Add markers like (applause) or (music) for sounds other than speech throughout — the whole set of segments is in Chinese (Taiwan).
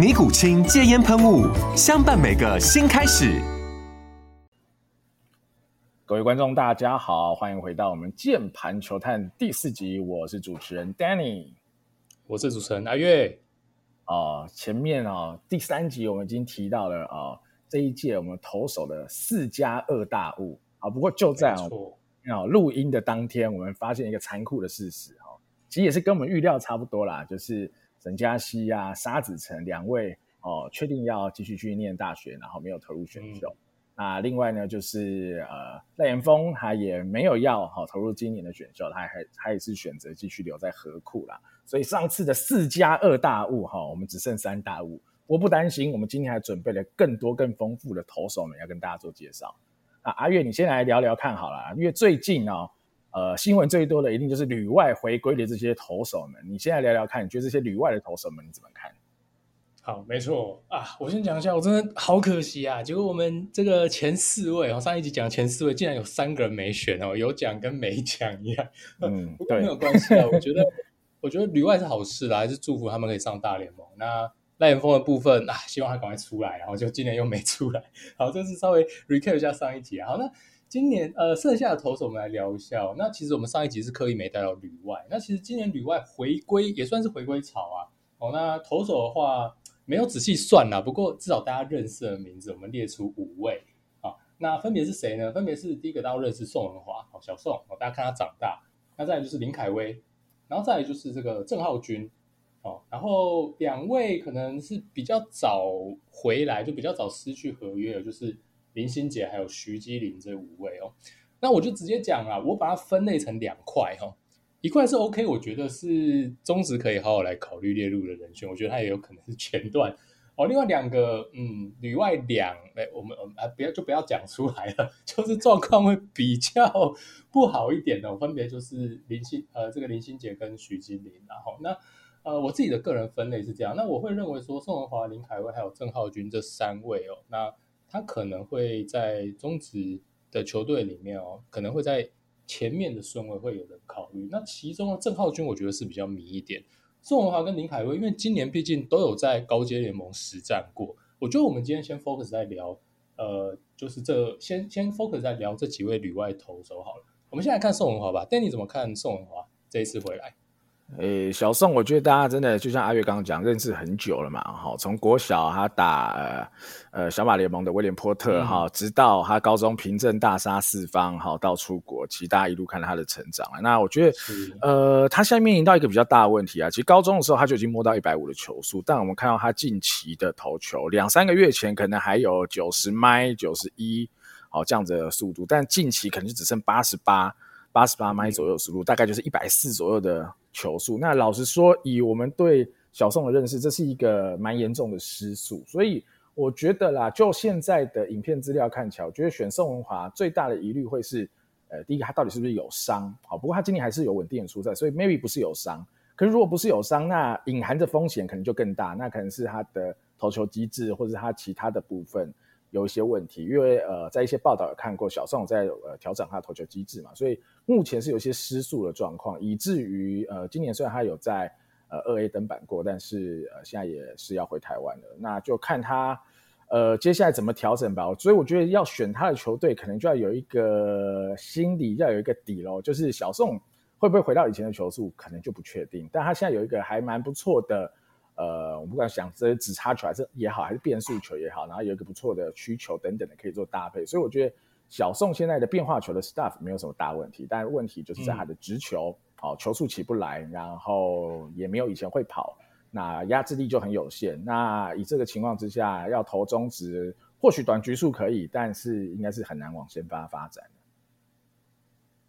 尼古清戒煙噴霧，相伴每個新開始。各位觀眾，大家好，歡迎回到我們《鍵盤球探》第四集。我是主持人 Danny，我是主持人阿躍、哦。前面啊、哦，第三集我們已經提到了啊、哦，這一屆我們投手的四加二大物啊、哦，不過就在啊、哦沒錯哦，錄音的當天，我們發現一個殘酷的事實、哦、其實也是跟我們預料差不多啦，就是。沈嘉熙啊，沙子成兩位哦，確定要繼續去念大學，然後沒有投入選秀。嗯、那另外呢，就是呃賴延峰他也沒有要好投入今年的選秀，他還他也是選擇繼續留在合庫啦。所以上次的四加二大物哈、哦，我們只剩三大物。我不擔心，我們今天還準備了更多更豐富的投手們要跟大家做介紹。啊，阿月，你先來聊聊看好了，因為最近哦。呃，新聞最多的一定就是旅外回歸的這些投手們。你現在聊聊看，你覺得這些旅外的投手們你怎麼看？好，沒錯啊，我先講一下，我真的好可惜啊。結果我們這個前四位，哦，上一集講的前四位，竟然有三個人沒選哦，有講跟沒講一樣。嗯，對，都沒有關係啊。我覺得， (laughs) 我覺得旅外是好事啦，還是祝福他們可以上大聯盟。那賴炎峰的部分啊，希望他趕快出來，然後就今年又沒出來。好，這是稍微 recap 一下上一集啊。好呢，那。今年呃剩下的投手，我們來聊一下、哦、那其實我們上一集是刻意沒帶到旅外。那其實今年旅外回歸也算是回歸潮啊。哦，那投手的話沒有仔細算啦、啊，不過至少大家認識的名字，我們列出五位啊、哦。那分別是誰呢？分別是第一個大家認識宋文華，哦、小宋、哦，大家看他長大。那、啊、再來就是林凱威，然後再來就是這個鄭浩均，哦，然後兩位可能是比較早回來，就比較早失去合約了，就是。林鋅杰還有徐基麟這五位哦，那我就直接講啦，我把它分類成兩塊哈，一塊是 OK，我覺得是中職可以好好來考慮列入的人選，我覺得他也有可能是前段哦。另外兩個，嗯，旅外兩，哎、欸，我們啊、呃、不要就不要講出來了，就是狀況會比較不好一點的，分別就是林鋅呃這個林鋅杰跟徐基麟、啊，然、哦、後那呃我自己的個人分類是這樣，那我會認為說宋文華、林凱威還有鄭浩均這三位哦，那。他可能會在中職的球隊裡面哦，可能會在前面的順位會有人考慮。那其中呢，鄭浩均，我覺得是比較迷一點。宋文華跟林凱威，因為今年畢竟都有在高階聯盟實戰過，我覺得我們今天先 focus 在聊，呃，就是這個、先先 focus 在聊這幾位旅外投手好了。我們先來看宋文華吧。Danny、嗯、怎麼看宋文華這一次回來？誒、欸，小宋，我覺得大、啊、家真的就像阿月剛剛講，認識很久了嘛，好，從國小他打呃小馬聯盟的威廉波特哈，直到他高中平鎮大殺四方哈，到出國，其實大家一路看到他的成長。那我覺得，是呃，他現在面臨到一個比較大的問題啊，其實高中的時候他就已經摸到一百五的球速，但我們看到他近期的投球，兩三個月前可能還有九十邁、九十一，好，這樣子的速度，但近期可能就只剩八十八。八十八邁左右的速度，大概就是一百四左右的球速。那老實說，以我們對小宋的認識，這是一個蠻嚴重的失速。所以我覺得啦，就現在的影片資料看起來，我覺得選宋文華最大的疑慮會是，呃，第一個他到底是不是有傷？好，不過他今年還是有穩定的出賽，所以 maybe 不是有傷。可是如果不是有傷，那隱含的風險可能就更大。那可能是他的投球機制，或是他其他的部分。有一些問題，因為呃，在一些報道有看過小宋在呃調整他的投球機制嘛，所以目前是有些失速的狀況，以至於呃，今年雖然他有在呃二 A 登板過，但是呃現在也是要回台灣了，那就看他呃接下來怎麼調整吧。所以我覺得要選他的球隊，可能就要有一個心理要有一個底咯，就是小宋會不會回到以前的球速，可能就不確定。但他現在有一個還蠻不錯的。呃，我們不管想這是指叉球還是也好，還是變速球也好，然後有一個不錯的曲球等等的可以做搭配，所以我覺得小宋現在的變化球的 stuff 沒有什麼大問題，但是問題就是在他的直球，好、嗯哦、球速起不來，然後也沒有以前會跑，那壓制力就很有限。那以這個情況之下，要投中職或許短局數可以，但是應該是很難往先發發展的。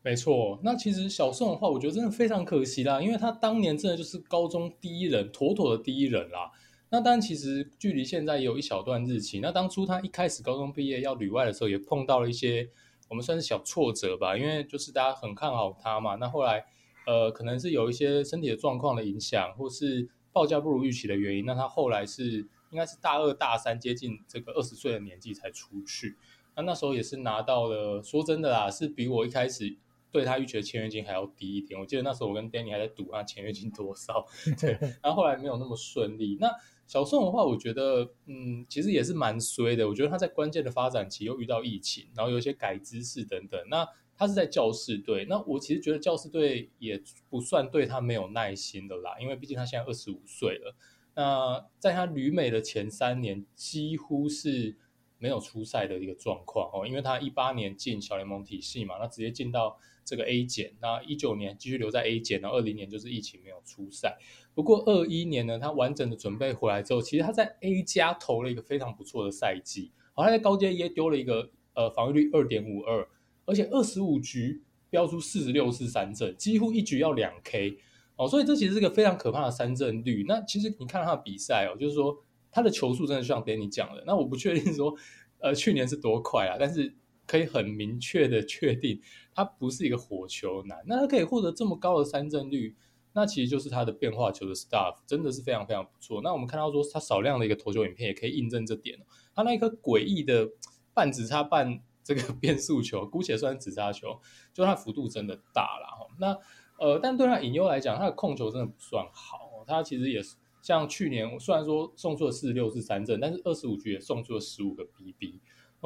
沒錯，那其實小宋的話，我覺得真的非常可惜啦，因為他當年真的就是高中第一人，妥妥的第一人啦。那當然，其實距離現在也有一小段日期。那當初他一開始高中畢業要旅外的時候，也碰到了一些我們算是小挫折吧，因為就是大家很看好他嘛。那後來，呃，可能是有一些身體的狀況的影響，或是報價不如預期的原因，那他後來是應該是大二、大三接近這個二十歲的年紀才出去。那那時候也是拿到了，說真的啦，是比我一開始。對他預期的簽約金還要低一點。我記得那時候我跟 Danny 還在賭啊，簽約金多少？對。然後後來沒有那麼順利。那小宋的話，我覺得，嗯，其實也是蠻衰的。我覺得他在關鍵的發展期又遇到疫情，然後有一些改姿勢等等。那他是在教士隊，那我其實覺得教士隊也不算對他沒有耐心的啦，因為畢竟他現在二十五歲了。那在他旅美的前三年，幾乎是沒有出賽的一個狀況哦，因為他一八年進小聯盟體系嘛，那直接進到。這個 A 減，那一九年繼續留在 A 減，然後二零年就是疫情沒有出賽。不過二一年呢，他完整的準備回來之後，其實他在 A 加投了一個非常不錯的賽季。哦，他在高階也丟了一個呃防禦率二點五二，而且二十五局飆出四十六次三振，幾乎一局要兩 K 哦，所以這其實是一個非常可怕的三振率。那其實你看到他的比賽哦，就是說他的球速真的像 Danny 講的。那我不確定說呃去年是多快啊，但是。可以很明確的確定，他不是一個火球男。那他可以獲得這麼高的三振率，那其實就是他的變化球的 stuff 真的是非常非常不錯。那我們看到說他少量的一個投球影片，也可以印證這點。他那一顆詭異的半指叉半這個變速球，姑且算是指叉球，就它幅度真的大了。那呃，但對他隱憂來講，他的控球真的不算好。他其實也是像去年，雖然說送出了四十六次三振，但是二十五局也送出了十五個 BB。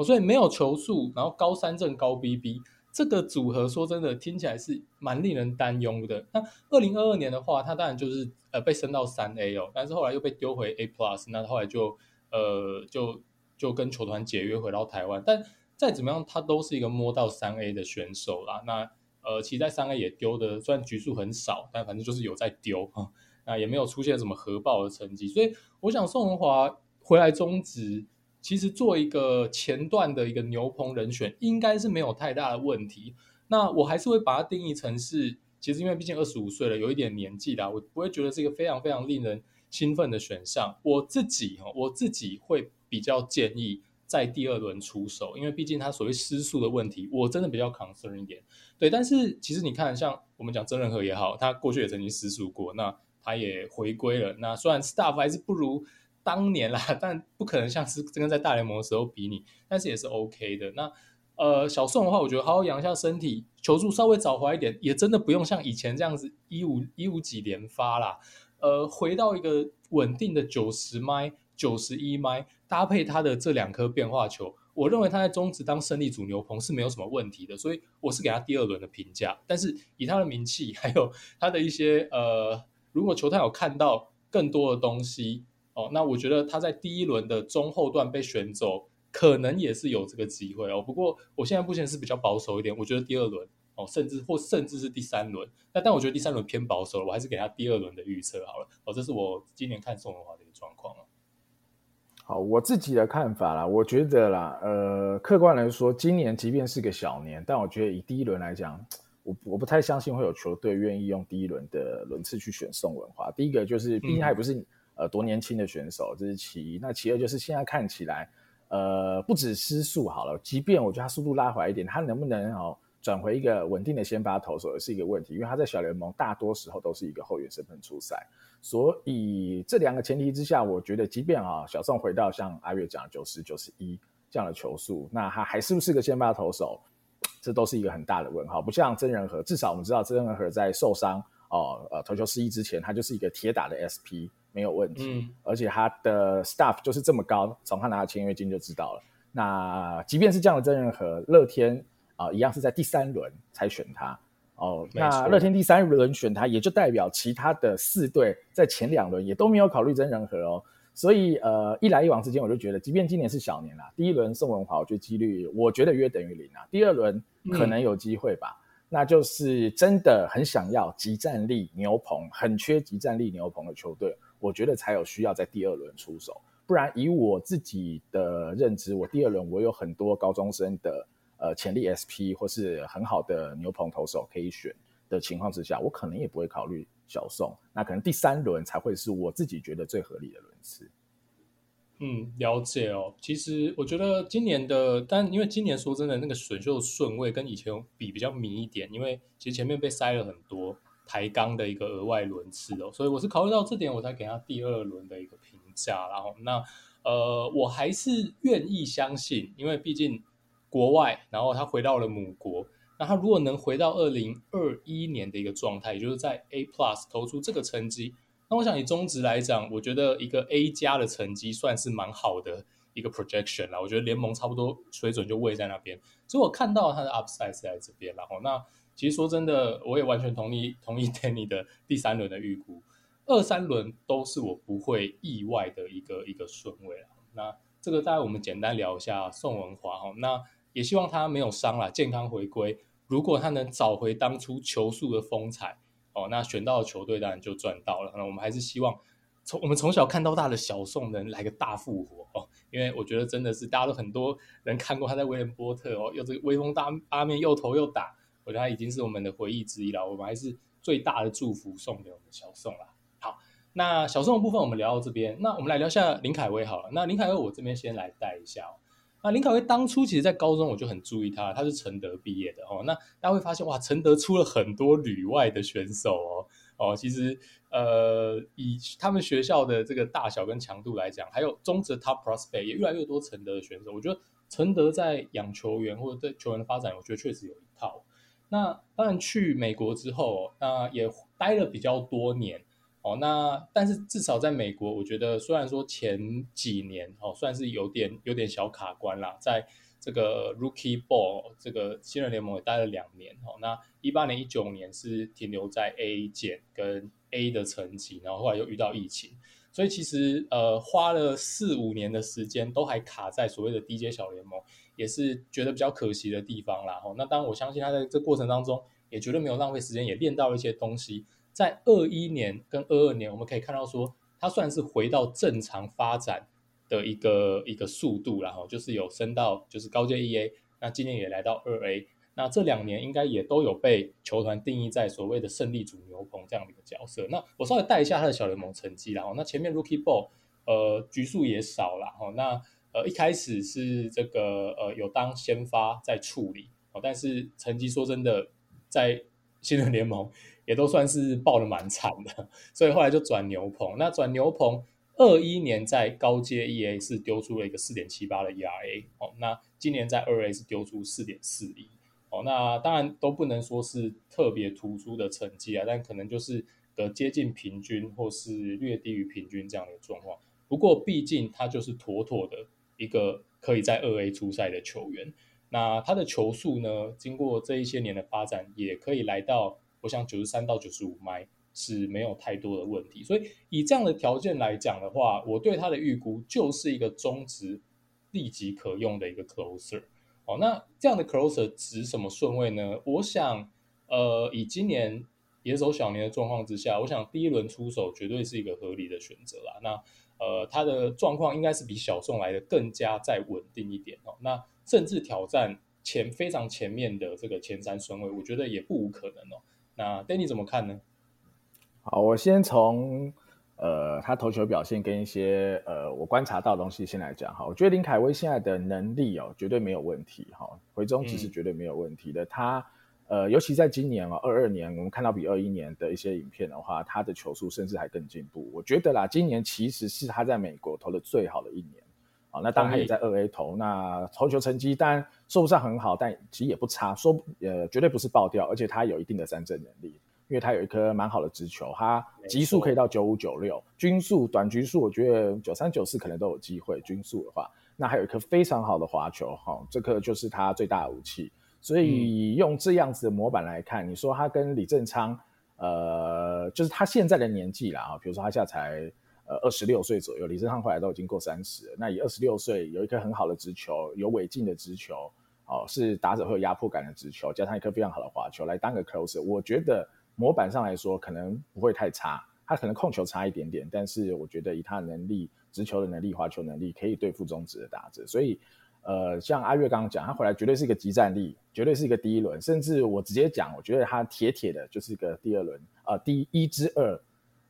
所以沒有球速，然後高三振高 BB 這個組合，說真的聽起來是蠻令人擔憂的。那二零二二年的話，他當然就是呃被升到三 A 哦，但是後來又被丟回 A Plus，那後來就呃就就跟球團解約回到台灣。但再怎麼樣，他都是一個摸到三 A 的選手啦。那呃，其實在三 A 也丟的，雖然局數很少，但反正就是有在丟啊。那也沒有出現什麼核爆的成績，所以我想宋文華回來中職。其實做一個前段的一個牛棚人選，應該是沒有太大的問題。那我還是會把它定義成是，其實因為畢竟二十五歲了，有一點年紀啦。我不會覺得是一個非常非常令人興奮的選項。我自己哈，我自己會比較建議在第二輪出手，因為畢竟他所謂失速的問題，我真的比較 concern 一點。對，但是其實你看，像我們講曾仁和也好，他過去也曾經失速過，那他也回歸了。那雖然 stuff 還是不如。當年啦，但不可能像是真的在大聯盟的時候比你，但是也是 OK 的。那呃，小宋的話，我覺得好好養一下身體，球速稍微早滑一點，也真的不用像以前這樣子一五一五幾連發啦。呃，回到一個穩定的九十邁，九十一邁，搭配他的這兩顆變化球，我認為他在中職當勝利組牛棚是沒有什麼問題的。所以我是給他第二輪的評價，但是以他的名氣，還有他的一些呃，如果球探有看到更多的東西。哦，那我覺得他在第一輪的中後段被選走，可能也是有這個機會哦。不過我現在目前是比較保守一點，我覺得第二輪哦，甚至或甚至是第三輪。那但我覺得第三輪偏保守了，我還是給他第二輪的預測好了。哦，這是我今年看宋文華的一個狀況啊。好，我自己的看法啦，我覺得啦，呃，客觀來說，今年即便是個小年，但我覺得以第一輪來講，我我不太相信會有球隊願意用第一輪的輪次去選宋文華。第一個就是，畢竟他也不是。嗯呃，多年輕的選手，這是其一。那其二就是現在看起來，呃，不止失速好了，即便我覺得他速度拉回來一點，他能不能哦轉回一個穩定的先發投手，也是一個問題。因為他在小聯盟大多時候都是一個後援身份出賽，所以這兩個前提之下，我覺得即便啊、哦、小宋回到像阿躍講九十、九十一這樣的球速，那他還是不是個先發投手，這都是一個很大的問號。不像曾仁和，至少我們知道曾仁和在受傷哦，呃投球失意之前，他就是一個鐵打的 SP。沒有問題，嗯、而且他的 stuff 就是這麼高，從他拿他簽約金就知道了。那即便是這樣的曾仁和樂天啊、呃，一樣是在第三輪才選他哦。那樂天第三輪選他，也就代表其他的四隊在前兩輪也都沒有考慮曾仁和哦。所以呃，一來一往之間，我就覺得，即便今年是小年啊，第一輪宋文華，我覺得幾率我覺得約等於零啊。第二輪可能有機會吧，嗯、那就是真的很想要即戰力牛棚，很缺即戰力牛棚的球隊。我覺得才有需要在第二輪出手，不然以我自己的認知，我第二輪我有很多高中生的呃潛力 SP 或是很好的牛棚投手可以選的情況之下，我可能也不會考慮小宋。那可能第三輪才會是我自己覺得最合理的輪次。嗯，了解哦。其實我覺得今年的，但因為今年說真的，那個選秀順位跟以前比比較明一點，因為其實前面被塞了很多。台鋼的一個額外輪次哦，所以我是考慮到這點，我才給他第二輪的一個評價。然後，那呃，我還是願意相信，因為畢竟國外，然後他回到了母國，那他如果能回到二零二一年的一個狀態，也就是在 A Plus 投出這個成績，那我想以中職來講，我覺得一個 A 加的成績算是蠻好的一個 projection 啦。我覺得聯盟差不多水準就位在那邊，所以我看到他的 upside 是在這邊。然後，那。其實說真的，我也完全同意同意 Danny 的第三輪的預估，二三輪都是我不會意外的一個一個順位，那這個大概我們簡單聊一下宋文華哈、哦，那也希望他沒有傷啦，健康回歸。如果他能找回當初球速的風采哦，那選到球隊當然就賺到了。那我們還是希望從我們從小看到大的小宋能來個大復活哦，因為我覺得真的是大家都很多人看過他在威廉波特哦，又這個威風大八面，又投又打。我覺得他已經是我們的回憶之一了。我們還是最大的祝福送給我們小宋了。好，那小宋的部分我們聊到這邊，那我們來聊一下林凱威好了。那林凱威，我這邊先來帶一下哦。那林凱威當初其實，在高中我就很注意他，他是承德畢業的哦。那大家會發現，哇，承德出了很多旅外的選手哦。哦，其實呃，以他們學校的這個大小跟強度來講，還有中職 Top Prospect 也越來越多承德的選手。我覺得承德在養球員或者對球員的發展，我覺得確實有一套。那當然，去美國之後，那也待了比較多年哦。那但是至少在美國，我覺得雖然說前幾年哦，算是有點有點小卡關啦，在這個 Rookie Ball 這個新人聯盟也待了兩年哦。那一八年、一九年是停留在 A 減跟 A 的層級，然後後來又遇到疫情，所以其實呃花了四五年的時間，都還卡在所謂的低階小聯盟。也是覺得比較可惜的地方啦。那當然我相信他在這過程當中也絕對沒有浪費時間，也練到了一些東西。在二一年跟二二年，我們可以看到說他算是回到正常發展的一個一個速度啦。哈，就是有升到就是高階 1A，那今年也來到二 A，那這兩年應該也都有被球團定義在所謂的勝利組牛棚這樣的一個角色。那我稍微帶一下他的小聯盟成績，然後那前面 Rookie Ball，呃，局數也少了，哈，那。呃，一開始是這個呃有當先發在處理哦，但是成績說真的，在新人聯盟也都算是爆的蠻慘的，所以後來就轉牛棚。那轉牛棚二一年在高階 1A 是丟出了一個四點七八的 E R A 哦，那今年在二 A 是丟出四點四一哦，那當然都不能說是特別突出的成績啊，但可能就是得接近平均或是略低於平均這樣的狀況。不過畢竟他就是妥妥的。一個可以在二 A 出賽的球員，那他的球速呢？經過這一些年的發展，也可以來到我想九十三到九十五邁是沒有太多的問題。所以以這樣的條件來講的話，我對他的預估就是一個中職立即可用的一個 closer。哦，那這樣的 closer 值什麼順位呢？我想，呃，以今年野手小年的狀況之下，我想第一輪出手絕對是一個合理的選擇啦。那呃，他的狀況應該是比小宋來的更加再穩定一點哦。那甚至挑戰前非常前面的這個前三順位，我覺得也不無可能哦。那 Danny 怎麼看呢？好，我先從呃他投球表現跟一些呃我觀察到的東西先來講哈。我覺得林凱威現在的能力哦，絕對沒有問題哈、哦。回中職是絕對沒有問題的，嗯、他。呃，尤其在今年啊、哦，二二年，我們看到比二一年的一些影片的話，他的球速甚至還更進步。我覺得啦，今年其實是他在美國投的最好的一年啊、哦。那當然，也在二 A 投，那投球成績當然說不上很好，但其實也不差，說呃絕對不是爆掉。而且他有一定的三振能力，因為他有一顆蠻好的直球，他極速可以到九五九六，均速短局數，我覺得九三九四可能都有機會。均速的話，那還有一顆非常好的滑球，哈、哦，這顆就是他最大的武器。所以用這樣子的模板來看，嗯、你說他跟李正昌，呃，就是他現在的年紀啦啊，比如說他現在才呃二十六歲左右，李正昌後來都已經過三十了。那以二十六歲有一顆很好的直球，有尾勁的直球，哦、呃，是打者會有壓迫感的直球，加上一顆非常好的滑球來當個 close，我覺得模板上來說可能不會太差。他可能控球差一點點，但是我覺得以他的能力，直球的能力，滑球能力，可以對付中職的打者，所以。呃，像阿躍剛剛講，他回來絕對是一個即戰力，絕對是一個第一輪，甚至我直接講，我覺得他鐵鐵的就是一個第二輪，呃，第一之二，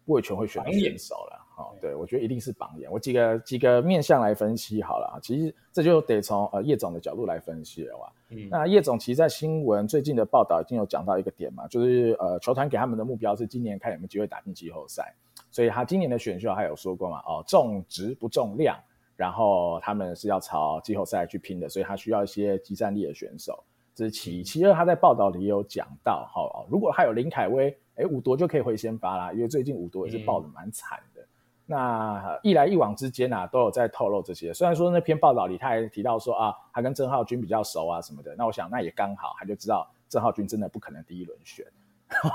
我也全會選他。了，好，哦哦，對我覺得一定是榜眼。我幾個幾個面向來分析好了，其實這就得從呃葉總的角度來分析的話，啊，嗯、那葉總其實在新聞最近的報道已經有講到一個點嘛，就是呃球團給他們的目標是今年看有沒有機會打進季後賽，所以他今年的選秀還有說過嘛，哦，重質不重量。然後他們是要朝季後賽去拼的，所以他需要一些即戰力的選手，這是其一。其二，他在報道裡也有講到，哈、哦，如果他有林凱威，誒，伍鐸就可以回先發啦，因為最近伍鐸也是爆得蠻慘的。嗯、那一來一往之間啊，都有在透露這些。雖然說那篇報道裡他還提到說啊，他跟鄭浩均比較熟啊什麼的，那我想那也剛好，他就知道鄭浩均真的不可能第一輪選、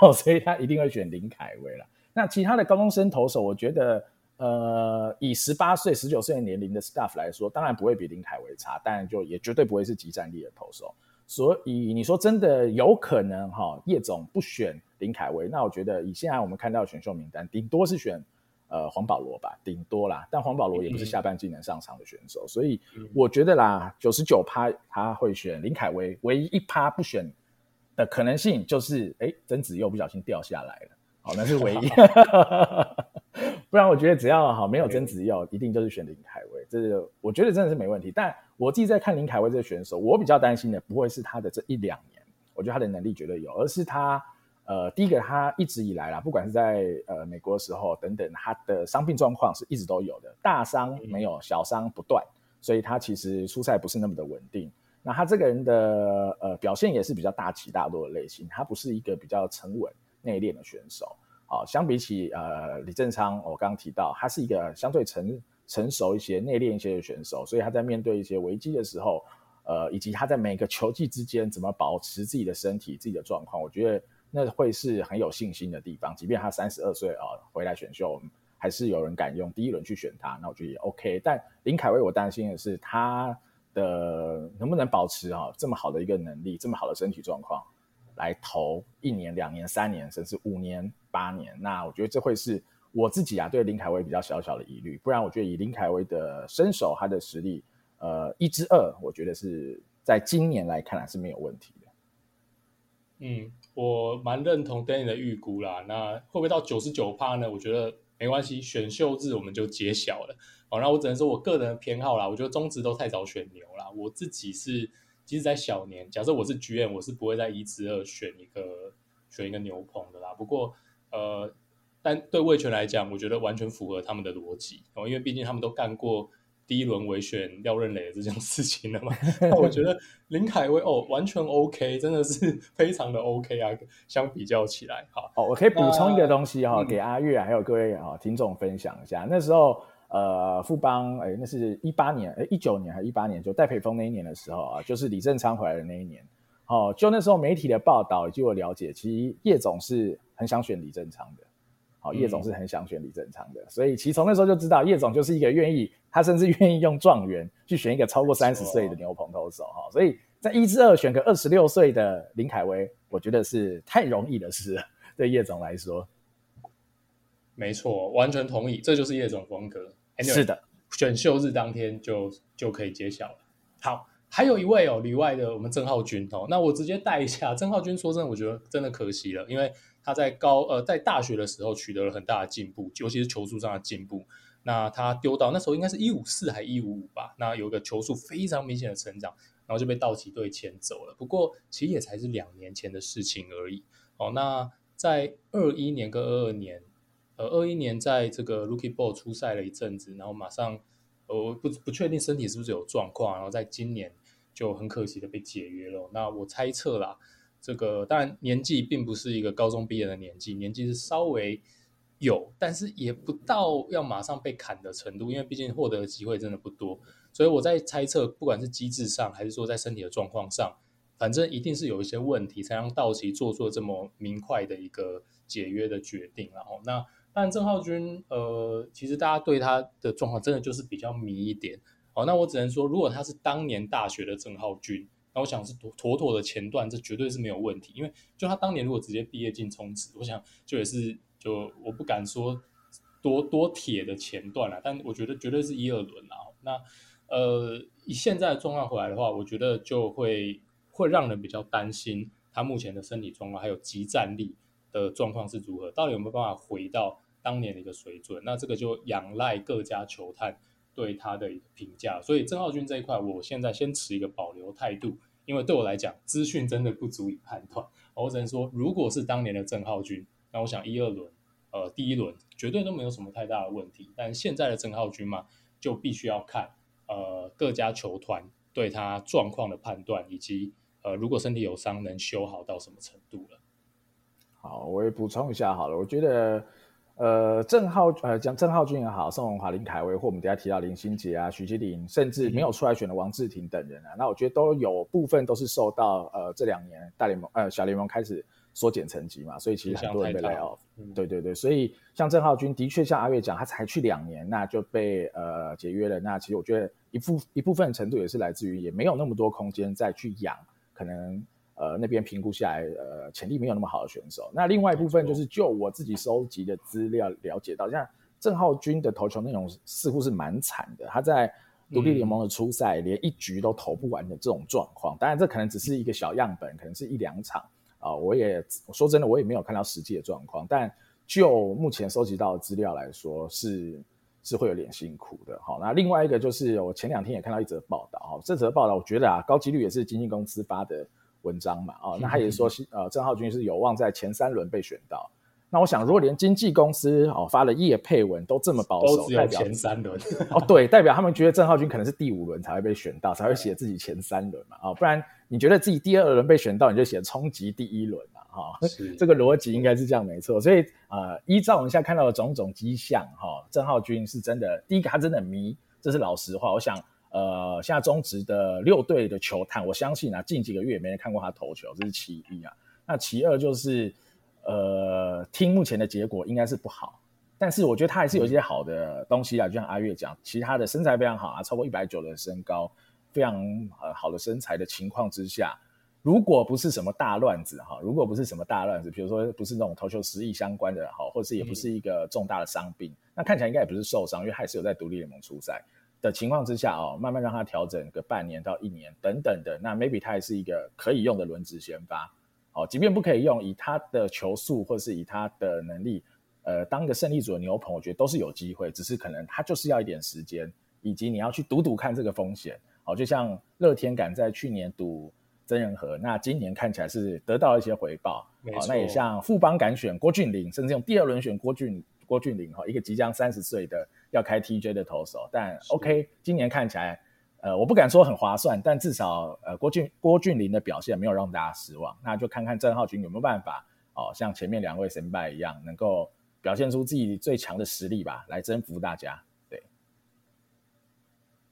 哦，所以他一定會選林凱威了。那其他的高中生投手，我覺得。呃，以十八歲、十九歲的年齡的 stuff 來說，當然不會比林凱威差，但就也絕對不會是即戰力的投手。所以你說真的有可能哈，葉、哦、總不選林凱威，那我覺得以現在我們看到的選秀名單，頂多是選呃黃保羅吧，頂多啦。但黃保羅也不是下半季能上場的選手，嗯、所以我覺得啦，九十九趴他會選林凱威，唯一一趴不選的可能性就是誒，曾、欸、子又不小心掉下來了，好，那是唯一。 (laughs) (laughs) 不然，我覺得只要哈，沒有甄子耀，哎、一定就是選林凱威。哎、這我覺得真的是沒問題。但我自己在看林凱威這個選手，我比較擔心的不會是他的這一兩年，我覺得他的能力絕對有，而是他呃，第一個他一直以來啦，不管是在呃美國的時候等等，他的傷病狀況是一直都有的，大傷沒有，小傷不斷，哎、所以他其實出賽不是那麼的穩定。那他這個人的呃表現也是比較大起大落的類型，他不是一個比較沉穩內斂的選手。啊、哦，相比起呃，李振昌，我剛剛提到，他是一個相對成成熟一些、內斂一些的選手，所以他在面對一些危機的時候，呃，以及他在每個球季之間怎麼保持自己的身體、自己的狀況，我覺得那會是很有信心的地方。即便他三十二歲啊、呃，回來選秀，還是有人敢用第一輪去選他，那我覺得也 OK。但林凱威，我擔心的是他的能不能保持哈、哦、這麼好的一個能力，這麼好的身體狀況。來投一年、兩年、三年，甚至五年、八年，那我覺得這會是我自己啊對林凱威比較小小的疑慮。不然，我覺得以林凱威的身手、他的實力，呃，一之二，我覺得是在今年來看啊是沒有問題的。嗯，我蠻認同 Danny 的預估啦。那會不會到九十九趴呢？我覺得沒關係，選秀日我們就揭曉了。然、哦、那我只能說我個人的偏好啦，我覺得中職都太早選牛啦。我自己是。其實在小年，假設我是 GM，我是不會在一直而選一個選一個牛棚的啦。不過，呃，但對味全來講，我覺得完全符合他們的邏輯，哦、因為畢竟他們都幹過第一輪圍選廖任磊的這件事情了嘛。 (laughs) 我覺得林凱威哦，完全 OK，真的是非常的 OK 啊。相比較起來，好，哦、我可以補充一個東西哈，呃、給阿月、啊嗯、還有各位哈聽眾分享一下，那時候。呃，富邦哎，那是一八年，哎，一九年還是一八年，就戴培峰那一年的時候啊，就是李振昌回來的那一年。哦，就那時候媒體的報道，據我了解，其實葉總是很想選李振昌的。好、哦，葉總是很想選李振昌的，嗯、所以其實從那時候就知道，葉總就是一個願意，他甚至願意用狀元去選一個超過三十歲的牛棚投手哈、啊哦。所以在一至二選個二十六歲的林凱威，我覺得是太容易的事了，對葉總來說。沒錯，完全同意，這就是葉總風格。欸、是的，選秀日當天就就可以揭曉了。好，還有一位哦，旅外的，我們鄭浩均哦，那我直接帶一下。鄭浩均，說真的，我覺得真的可惜了，因為他在高呃在大學的時候取得了很大的進步，尤其是球速上的進步。那他丟到那時候應該是一五四還是一五五吧，那有一個球速非常明顯的成長，然後就被道奇隊簽走了。不過其實也才是兩年前的事情而已。哦，那在二一年跟二二年。呃，二一年在這個 Rookie Ball 出賽了一陣子，然後馬上，我、呃、不不確定身體是不是有狀況，然後在今年就很可惜的被解約了。那我猜測啦，這個當然年紀並不是一個高中畢業的年紀，年紀是稍微有，但是也不到要馬上被砍的程度，因為畢竟獲得的機會真的不多。所以我在猜測，不管是機制上，還是說在身體的狀況上，反正一定是有一些問題，才讓道奇做出這麼明快的一個解約的決定。然後那。但鄭浩均，呃，其實大家對他的狀況真的就是比較迷一點哦。那我只能說，如果他是當年大學的鄭浩均，那我想是妥妥的前段，這絕對是沒有問題。因為就他當年如果直接畢業進中職，我想就也是就我不敢說多多鐵的前段了，啊，但我覺得絕對是一二輪啊。那呃以現在的狀況回來的話，我覺得就會會讓人比較擔心他目前的身體狀況，還有即戰力。的狀況是如何？到底有沒有辦法回到當年的一個水準？那這個就仰賴各家球探對他的一個評價。所以鄭浩均這一塊，我現在先持一個保留態度，因為對我來講，資訊真的不足以判斷。啊，我只能說，如果是當年的鄭浩均，那我想一、二輪，呃，第一輪絕對都沒有什麼太大的問題。但現在的鄭浩均嘛，就必須要看，呃，各家球團對他狀況的判斷，以及呃，如果身體有傷，能修好到什麼程度了。好，我也補充一下好了。我覺得，呃，鄭浩，呃，講鄭浩均也好，宋文華、林凱威，或我們等下提到林鋅杰啊、徐基麟，甚至沒有出來選的王志廷等人啊，嗯、那我覺得都有部分都是受到呃這兩年大聯盟呃小聯盟開始縮減層級嘛，所以其實很多人被 layoff，嗯、對對對，所以像鄭浩均的確像阿躍講，他才去兩年，那就被呃解約了。那其實我覺得一部一部分程度也是來自於也沒有那麼多空間再去養，嗯、可能。呃，那邊評估下來，呃，潛力沒有那麼好的選手。那另外一部分就是，就我自己收集的資料了解到，錯像鄭浩均的投球內容似乎是蠻慘的。他在獨立聯盟的初賽、嗯、連一局都投不完的這種狀況，當然這可能只是一個小樣本，嗯、可能是一兩場啊、呃。我也說真的，我也沒有看到實際的狀況。但就目前收集到的資料來說是，是是會有點辛苦的。好，那另外一個就是，我前兩天也看到一則報道啊，這則報道我覺得啊，高幾率也是經紀公司發的。文章嘛，啊、哦，那他也說，是呃，鄭浩均是有望在前三輪被選到。嗯、那我想，如果連經紀公司哦發了業配文都這麼保守，都代表前三輪哦，對，代表他們覺得鄭浩均可能是第五輪才會被選到，對才會寫自己前三輪嘛，啊、哦，不然你覺得自己第二輪被選到，你就寫衝擊第一輪嘛，哈、哦，是啊、這個邏輯應該是這樣，沒錯。所以啊、呃，依照我們現在看到的種種跡象，哈、哦，鄭浩均是真的，第一個他真的很迷，這是老實話，我想。呃，現在中職的六隊的球探，我相信啊，近幾個月也沒人看過他投球，這是其一啊。那其二就是，呃，聽目前的結果應該是不好，但是我覺得他還是有一些好的東西啊。嗯、就像阿躍講，其他的身材非常好啊，超過一百九的身高，非常呃好的身材的情況之下，如果不是什麼大亂子哈、啊，如果不是什麼大亂子，比如說不是那種投球失憶相關的哈、啊，或者是也不是一個重大的傷病，嗯、那看起來應該也不是受傷，因為他也是有在獨立聯盟出賽。的情況之下、哦、慢慢讓他調整個半年到一年等等的，那 maybe 他也是一個可以用的輪值先發，好、哦，即便不可以用，以他的球速或是以他的能力，呃，當個勝利組的牛棚，我覺得都是有機會，只是可能他就是要一點時間，以及你要去賭賭看這個風險，好、哦，就像樂天敢在去年賭曾仁和，那今年看起來是得到一些回報，好錯、哦，那也像富邦敢選郭俊麟，甚至用第二輪選郭俊郭俊麟哈，一個即將三十歲的。要開 TJ 的投手，但 OK，是今年看起來，呃，我不敢說很划算，但至少，呃，郭俊郭俊麟的表現沒有讓大家失望。那就看看鄭浩均有沒有辦法哦，像前面兩位 senpai 一樣，能夠表現出自己最強的實力吧，來征服大家。對，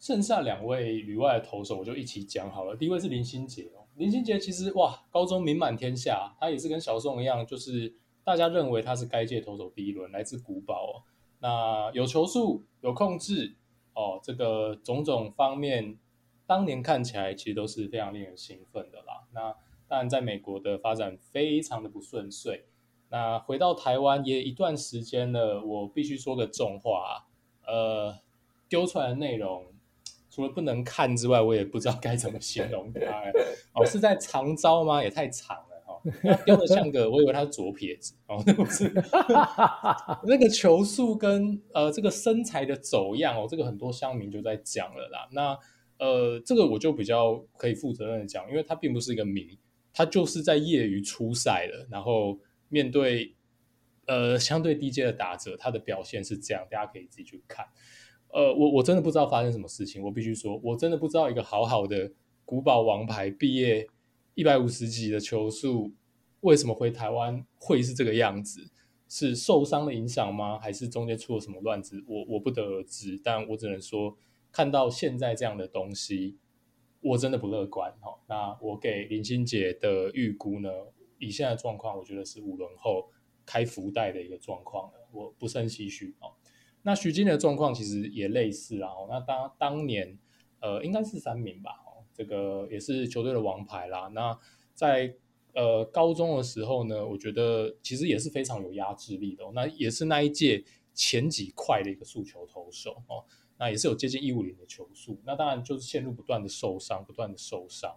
剩下兩位旅外的投手，我就一起講好了。第一位是林鋅杰哦，林鋅杰其實哇，高中名滿天下，啊，他也是跟小宋一樣，就是大家認為他是該屆投手第一輪，來自古堡哦。那有球速，有控制，哦，這個種種方面，當年看起來其實都是非常令人興奮的啦。那當然，在美國的發展非常的不順遂。那回到台灣也一段時間了，我必須說個重話啊，呃，丟出來的內容，除了不能看之外，我也不知道該怎麼形容它，欸。 (laughs) 哦，是在長招嗎？也太長。丟 (laughs) 的像個，我以為他是左撇子，哦，那不是。 (laughs) (laughs) 那個球速跟呃這個身材的走樣哦，這個很多鄉民就在講了啦。那呃這個我就比較可以負責任的講，因為他並不是一個謎，他就是在業餘出賽的，然後面對呃相對低階的打者，他的表現是這樣，大家可以自己去看。呃，我我真的不知道發生什麼事情，我必須說，我真的不知道一個好好的古堡王牌畢業。一百五十幾的球速，為什麼回台灣會是這個樣子？是受傷的影響嗎？還是中間出了什麼亂子？我我不得而知，但我只能說，看到現在這樣的東西，我真的不樂觀哦，那我給林鋅杰的預估呢？以現在狀況，我覺得是五輪後開福袋的一個狀況了，我不勝唏噓哦。那徐基麟的狀況其實也類似啊、哦。那當當年，呃，應該是三名吧。這個也是球隊的王牌啦。那在呃高中的時候呢，我覺得其實也是非常有壓制力的哦。那也是那一屆前幾快的一個速球投手哦。那也是有接近150的球速。那當然就是陷入不斷的受傷，不斷的受傷。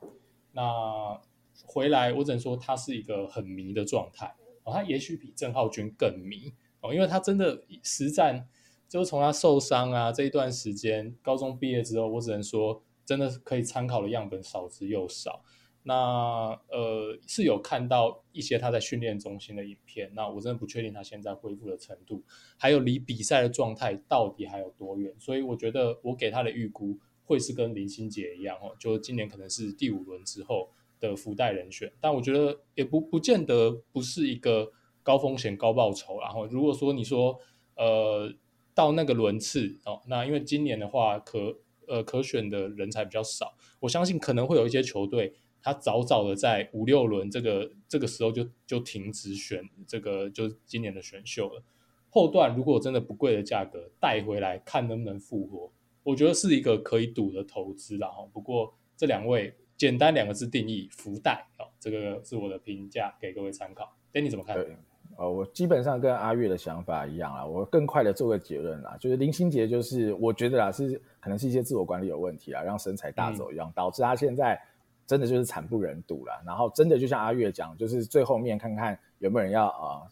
那回來我只能說他是一個很迷的狀態哦，他也許比鄭浩均更迷哦，因為他真的實戰就從他受傷啊這一段時間，高中畢業之後，我只能說。真的是可以參考的樣本少之又少。那呃，是有看到一些他在訓練中心的影片。那我真的不確定他現在恢復的程度，還有離比賽的狀態到底還有多遠。所以我覺得我給他的預估會是跟林鋅杰一樣哦，就是今年可能是第五輪之後的福袋人選。但我覺得也不不見得不是一個高風險高報酬。然後如果說你說呃到那個輪次哦，那因為今年的話可。呃，可選的人才比較少，我相信可能會有一些球隊，他早早的在五六輪這個這個時候就就停止選這個，就是今年的選秀了。後段如果真的不貴的價格帶回來看能不能復活，我覺得是一個可以賭的投資，然後不過這兩位簡單兩個字定義，福袋哦，這個是我的評價，給各位參考。誒，你怎麼看？呃、哦，我基本上跟阿躍的想法一樣啦。我更快的做個結論啦，就是林鋅杰，就是我覺得啦，是可能是一些自我管理有問題啊，讓身材大走樣，導致他現在真的就是慘不忍睹了。然後真的就像阿躍講，就是最後面看看有沒有人要啊、呃、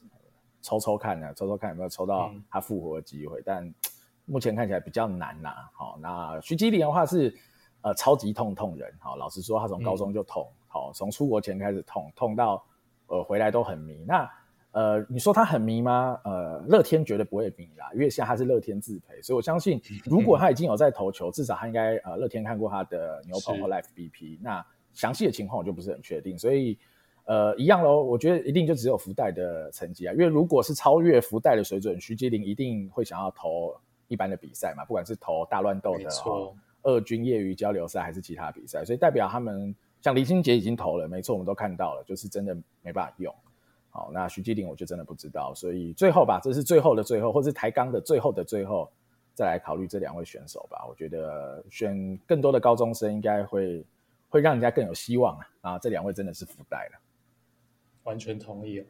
抽抽看呢，抽抽看有沒有抽到他復活的機會。嗯、但目前看起來比較難啦、啊。好、哦，那徐基麟的話是呃超級痛痛人。好、哦，老實說，他從高中就痛，好、嗯，從、哦、出國前開始痛，痛到呃回來都很迷。那呃，你說他很迷嗎？呃，樂天絕對不會迷啦，因為現在他是樂天自培，所以我相信，如果他已經有在投球， (laughs) 至少他應該呃，樂天看過他的牛棚或 Live BP 是。那詳細的情況我就不是很確定，所以呃，一樣嘍。我覺得一定就只有福袋的成績啊，因為如果是超越福袋的水準，徐基麟一定會想要投一般的比賽嘛，不管是投大亂鬥的、二錯、哦、軍業餘交流賽還是其他比賽，所以代表他們像林鋅杰已經投了，沒錯，我們都看到了，就是真的沒辦法用。好，那徐基麟我就真的不知道，所以最後吧，這是最後的最後，或者抬槓的最後的最後，再來考慮這兩位選手吧。我覺得選更多的高中生，應該會會讓人家更有希望啊！啊，這兩位真的是福袋了，完全同意哦。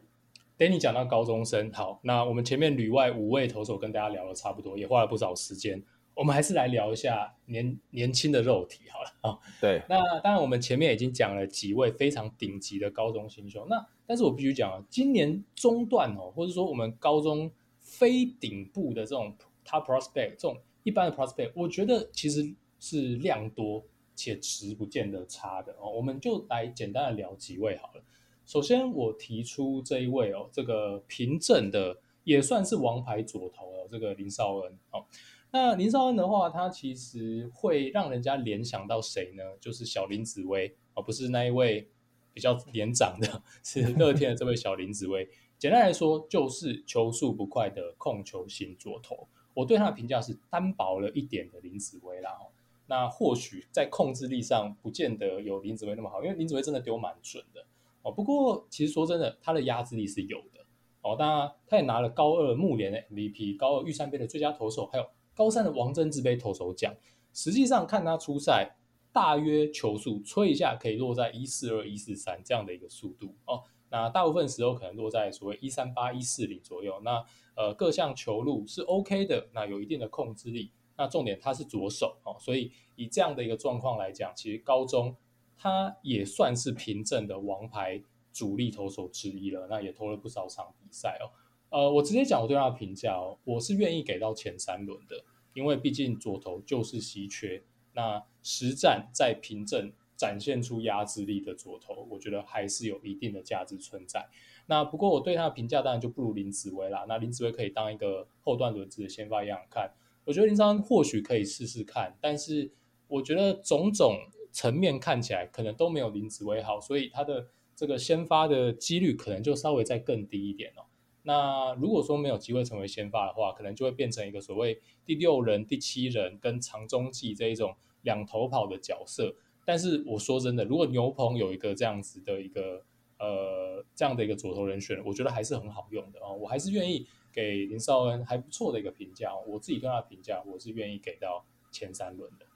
Danny 講到高中生，好，那我們前面旅外五位投手跟大家聊了差不多，也花了不少時間。我們還是來聊一下年年輕的肉體好了啊。對，那當然我們前面已經講了幾位非常頂級的高中新秀，那但是我必須講啊，今年中段哦，或者說我們高中非頂部的這種 top prospect 這種一般的 prospect，我覺得其實是量多且質不見得差的哦。我們就來簡單的聊幾位好了。首先我提出這一位哦，這個平鎮的也算是王牌左投哦，這個林詔恩哦。那林詔恩的話，他其實會讓人家聯想到誰呢？就是小林子威而、哦、不是那一位比較年長的， (laughs) 是樂天的這位小林子威。簡單來說，就是球速不快的控球型左投。我對他的評價是單薄了一點的林子威啦。哦，那或許在控制力上不見得有林子威那麼好，因為林子威真的丟蠻準的哦。不過，其實說真的，他的壓制力是有的哦。當然、啊，他也拿了高二木聯的 MVP，高二玉山盃的最佳投手，還有。高三的王貞治盃投手獎，實際上看他出賽，大約球速催一下可以落在一四二、一四三這樣的一個速度哦。那大部分時候可能落在所謂一三八、一四零左右。那呃，各項球路是 OK 的，那有一定的控制力。那重點他是左手哦，所以以這樣的一個狀況來講，其實高中他也算是平鎮的王牌主力投手之一了。那也投了不少場比賽哦。呃，我直接講我對他的評價哦，我是願意給到前三輪的，因為畢竟左投就是稀缺，那實戰在平鎮展現出壓制力的左投，我覺得還是有一定的價值存在。那不過我對他的評價當然就不如林子崴啦。那林子崴可以當一個後段輪子的先發一樣看，我覺得林詔恩或許可以試試看，但是我覺得種種層面看起來可能都沒有林子崴好，所以他的這個先發的幾率可能就稍微再更低一點哦。那如果說沒有機會成為先發的話，可能就會變成一個所謂第六人、第七人跟長中繼這一種兩頭跑的角色。但是我說真的，如果牛棚有一個這樣子的一個呃這樣的一個左投人選，我覺得還是很好用的啊、哦。我還是願意給林詔恩還不錯的一個評價。我自己對他的評價，我是願意給到前三輪的。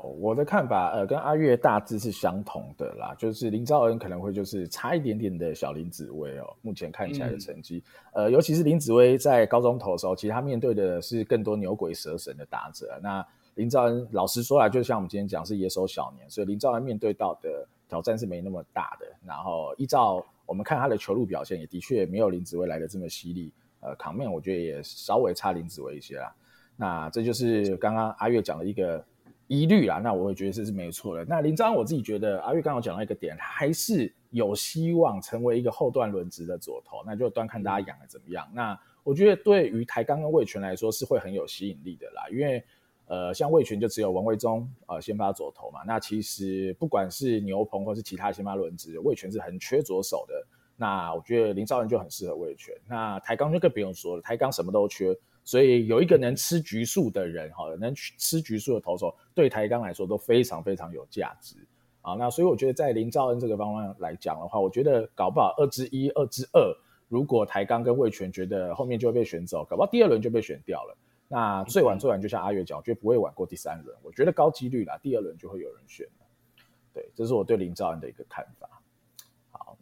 我的看法，呃，跟阿月大致是相同的啦，就是林詔恩可能會就是差一點點的小林子威哦，目前看起來的成績，嗯、呃，尤其是林子威在高中投的時候，其實他面對的是更多牛鬼蛇神的打者、啊。那林詔恩老實說啦，就像我們今天講，是野手小年，所以林詔恩面對到的挑戰是沒那麼大的。然後依照我們看他的球路表現，也的確沒有林子威來的這麼犀利，呃，扛面我覺得也稍微差林子威一些啦。那這就是剛剛阿月講的一個。疑慮啦，那我也覺得這是沒錯的。那林詔恩，我自己覺得，阿躍剛剛講到一個點，還是有希望成為一個後段輪值的左投，那就端看大家養的怎麼樣。那我覺得對於台鋼跟味全來說是會很有吸引力的啦，因為呃，像味全就只有王維中、呃，先發左投嘛。那其實不管是牛棚或是其他先發輪值，味全是很缺左手的。那我覺得林詔恩就很適合味全。那台鋼就更不用說了，台鋼什麼都缺。所以有一個能吃局數的人，哈，能吃局數的投手，對台鋼來說都非常非常有價值啊。那所以我覺得，在林詔恩這個方向來講的話，我覺得搞不好二之一、二之二，如果台鋼跟味全覺得後面就會被選走，搞不好第二輪就被選掉了。那最晚最晚就像阿躍講，我覺得不會晚過第三輪，我覺得高幾率啦，第二輪就會有人選了。對，這是我對林詔恩的一個看法。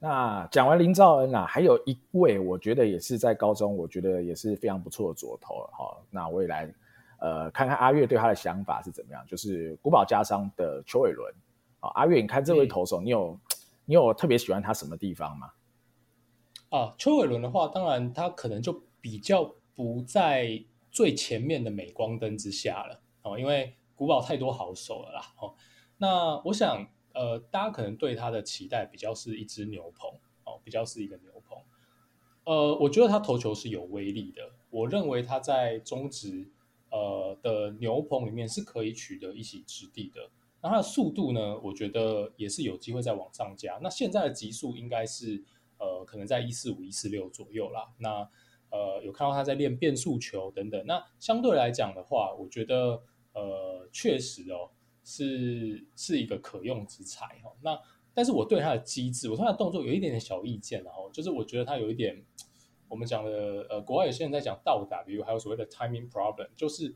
那講完林詔恩啊，還有一位我覺得也是在高中，我覺得也是非常不錯的左投，好，那我也來，呃，看看阿躍對他的想法是怎麼樣。就是古堡家商的邱緯倫，好，阿躍，你看這位投手，欸、你有，你有特別喜歡他什麼地方嗎？啊，邱緯倫的話，當然他可能就比較不在最前面的鎂光燈之下了，哦，因為古堡太多好手了啦，哦，那我想。呃，大家可能對他的期待比較是一只牛棚哦，比較是一個牛棚。呃，我覺得他投球是有威力的，我認為他在中職呃的牛棚裡面是可以取得一席之地的。那他的速度呢，我覺得也是有機會再往上加。那現在的極速應該是呃，可能在一四五一四六左右啦。那呃，有看到他在練變速球等等。那相對來講的話，我覺得呃，確實哦。是是一個可用之才哦，那但是我對他的機制，我對他的動作有一點點小意見哦，就是我覺得他有一點，我們講的呃，國外有些人在講倒打，比如還有所謂的 timing problem，就是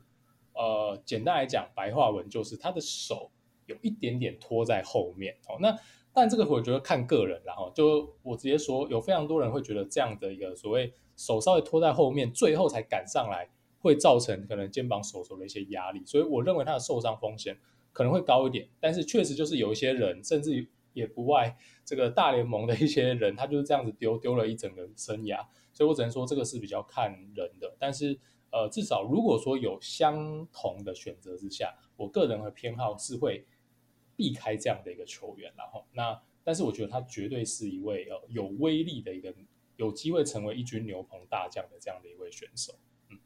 呃，簡單來講，白話文就是他的手有一點點拖在後面哦，那但這個我覺得看個人然後哦，就我直接說，有非常多人會覺得這樣的一個所謂手稍微拖在後面，最後才趕上來，會造成可能肩膀手肘的一些壓力，所以我認為他的受傷風險。可能會高一點，但是確實就是有一些人，甚至也不外這個大聯盟的一些人，他就是這樣子丟丟了一整個生涯，所以我只能說這個是比較看人的。但是呃，至少如果說有相同的選擇之下，我個人的偏好是會避開這樣的一個球員。然後那，但是我覺得他絕對是一位呃有威力的一個，有機會成為一軍牛棚大將的這樣的一位選手。嗯，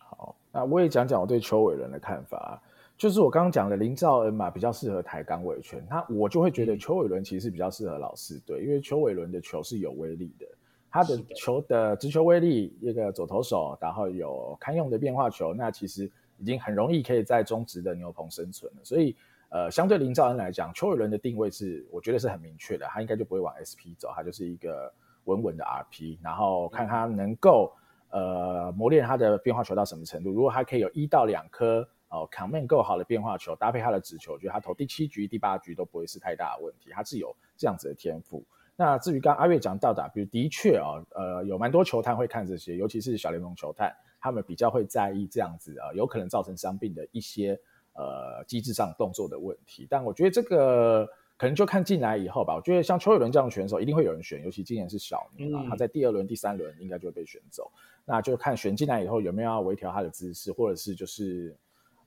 好，那我也講講我對邱緯倫的看法。就是我剛剛講的林詔恩嘛，比較適合台鋼味全。那、嗯、我就會覺得邱緯倫其實比較適合老四隊、嗯，因為邱緯倫的球是有威力的，他的球的直球威力一個左投手，然後有堪用的變化球，那其實已經很容易可以在中職的牛棚生存了。所以呃，相對林詔恩來講，邱緯倫的定位是我覺得是很明確的，他應該就不會往 SP 走，他就是一個穩穩的 RP，然後看他能夠呃磨練他的變化球到什麼程度。如果他可以有一到兩顆。哦、oh，，command 夠好的變化球搭配他的直球，覺得他投第七局、第八局都不會是太大的問題，他是有這樣子的天賦。那至於剛阿躍講到的比如的確啊、哦，呃，有蠻多球探會看這些，尤其是小聯盟球探，他們比較會在意這樣子啊、呃，有可能造成傷病的一些呃機制上動作的問題。但我覺得這個可能就看進來以後吧。我覺得像邱緯倫這樣的選手，一定會有人選，尤其今年是小年啊，他在第二輪、第三輪應該就會被選走。嗯、那就看選進來以後有沒有要微調他的姿勢，或者是就是。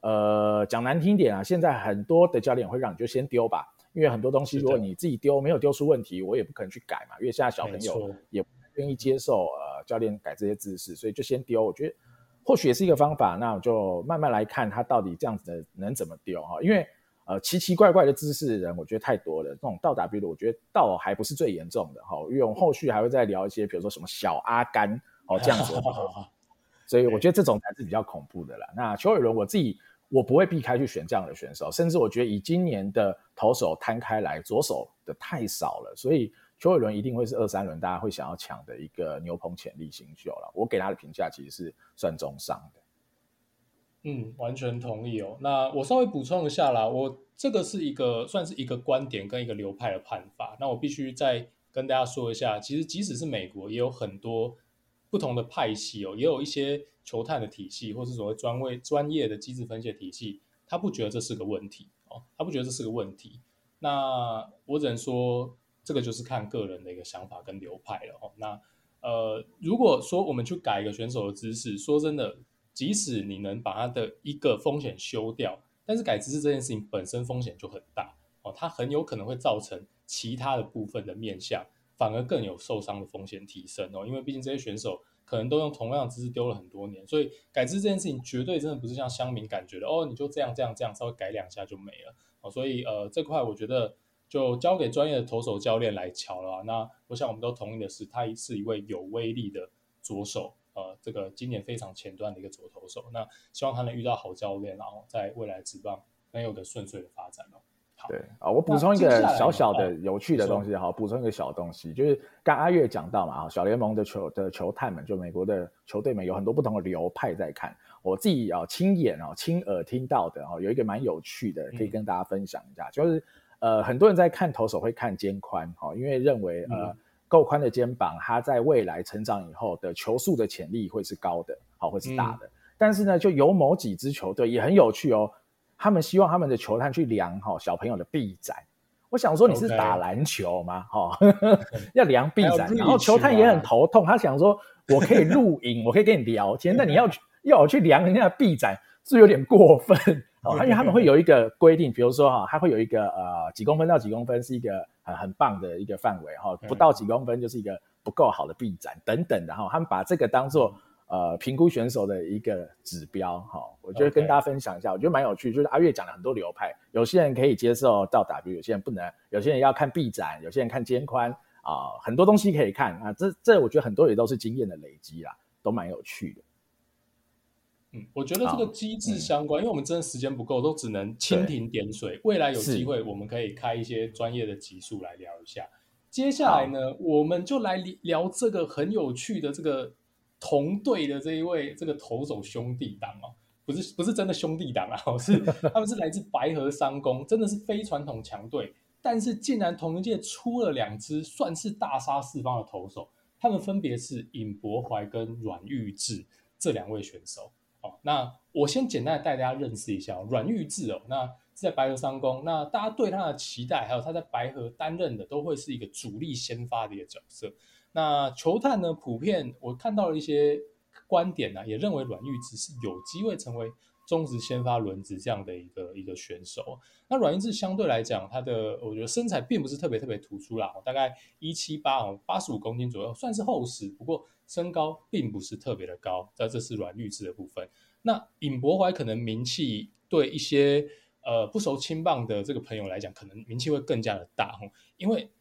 呃，講難聽一點啊，現在很多的教練會讓你就先丟吧，因為很多東西如果你自己丟的沒有丟出問題，我也不可能去改嘛，因為現在小朋友也不願意接受錯呃教練改這些姿勢，所以就先丟。我覺得或許也是一個方法，那我就慢慢來看他到底這樣子的能怎麼丟哈，因為呃奇奇怪怪的姿勢的人我覺得太多了，這種倒打比如我覺得倒還不是最嚴重的哈，因為我們後續還會再聊一些，比如說什麼小阿甘哦這樣子的話。 (laughs) 所以我覺得這種才是比較恐怖的啦。那邱緯倫，我自己我不會避開去選這樣的選手，甚至我覺得以今年的投手攤開來，左手的太少了，所以邱緯倫一定會是二三輪大家會想要搶的一個牛棚潛力新秀啦。我給他的評價其實是算中上的。嗯，完全同意哦。那我稍微補充一下啦，我這個是一個算是一個觀點跟一個流派的判法，那我必須再跟大家說一下，其實即使是美國也有很多。不同的派系哦，也有一些球探的體系，或是所謂專位專業的機制分析體系，他不覺得這是個問題哦，他不覺得這是個問題。那我只能說，這個就是看個人的一個想法跟流派了哦。那呃，如果說我們去改一個選手的姿勢，說真的，即使你能把他的一個風險修掉，但是改姿勢這件事情本身風險就很大哦，他很有可能會造成其他的部分的面向反而更有受傷的風險提升哦，因為畢竟這些選手可能都用同樣的姿勢丟了很多年，所以改姿勢這件事情絕對真的不是像鄉民感覺的哦，你就這樣這樣這樣稍微改兩下就沒了哦，所以呃這塊我覺得就交給專業的投手教練來喬了啊。那我想我們都同意的是，他是一位有威力的左手，呃，這個今年非常前端的一個左投手。那希望他能遇到好教練，然後在未來職棒能有個順遂的發展哦。對啊、哦，我補充一個小小的有趣的東西，哈，哦就是、補充一個小東西，就是剛阿躍講到嘛，啊小聯盟的球的球探們，就美國的球隊們，有很多不同的流派在看。我自己啊、哦，親眼啊、哦，親耳聽到的，哈、哦，有一個蠻有趣的，可以跟大家分享一下，嗯、就是呃，很多人在看投手會看肩寬，哈、哦，因為認為呃，夠寬的肩膀，他在未來成長以後的球速的潛力會是高的，好、哦，會是大的。嗯、但是呢，就有某幾支球隊也很有趣哦。他們希望他們的球探去量哈小朋友的臂展，我想說，你是打籃球嗎？哈 Okay.、哦，要量臂展， (laughs) 然後球探也很頭痛，他想說，我可以錄影， (laughs) 我可以跟你聊天， (laughs) 但你要要我去量人家的臂展是有點過分哦，而且 (laughs) 他們會有一個規定，比如說哈，他會有一個呃幾公分到幾公分是一個很、呃、很棒的一個範圍哈，哦、 (laughs) 不到幾公分就是一個不夠好的臂展等等的，然、哦、後他們把這個當做。呃，評估選手的一個指標哈、哦，我覺得跟大家分享一下，Okay. 我覺得蠻有趣。就是阿躍講了很多流派，有些人可以接受到達，比如有些人不能，有些人要看臂展，有些人看肩寬啊、哦，很多東西可以看啊。這這我覺得很多也都是經驗的累積啦，都蠻有趣的。嗯，我覺得這個機制相關，哦嗯、因為我們真的時間不夠，都只能蜻蜓點水。對未來有機會，我們可以開一些專業的技術來聊一下。是接下來呢，哦、我們就來聊這個很有趣的這個。同隊的這一位這個投手兄弟檔哦、啊，不是不是真的兄弟檔啊，是他們是來自白河商工， (laughs) 真的是非傳統強隊。但是竟然同一屆出了兩支，算是大殺四方的投手，他們分別是尹柏淮跟阮裕智這兩位選手哦。那我先簡單帶大家認識一下、哦、阮裕智哦，那是在白河商工。那大家對他的期待還有他在白河擔任的，都會是一個主力先發的一個角色。那球探呢，普遍我看到了一些觀點呢、啊，也認為阮裕智是有機會成為中職先發輪值，這樣的一個一個選手。那阮裕智相對來講，他的我覺得身材並不是特別特別突出啦，大概一七八哦，八十五公斤左右，算是厚實，不過身高並不是特別的高。那這是阮裕智的部分。那尹柏淮可能名氣對一些呃不熟青棒的這個朋友來講，可能名氣會更加的大吼，因為。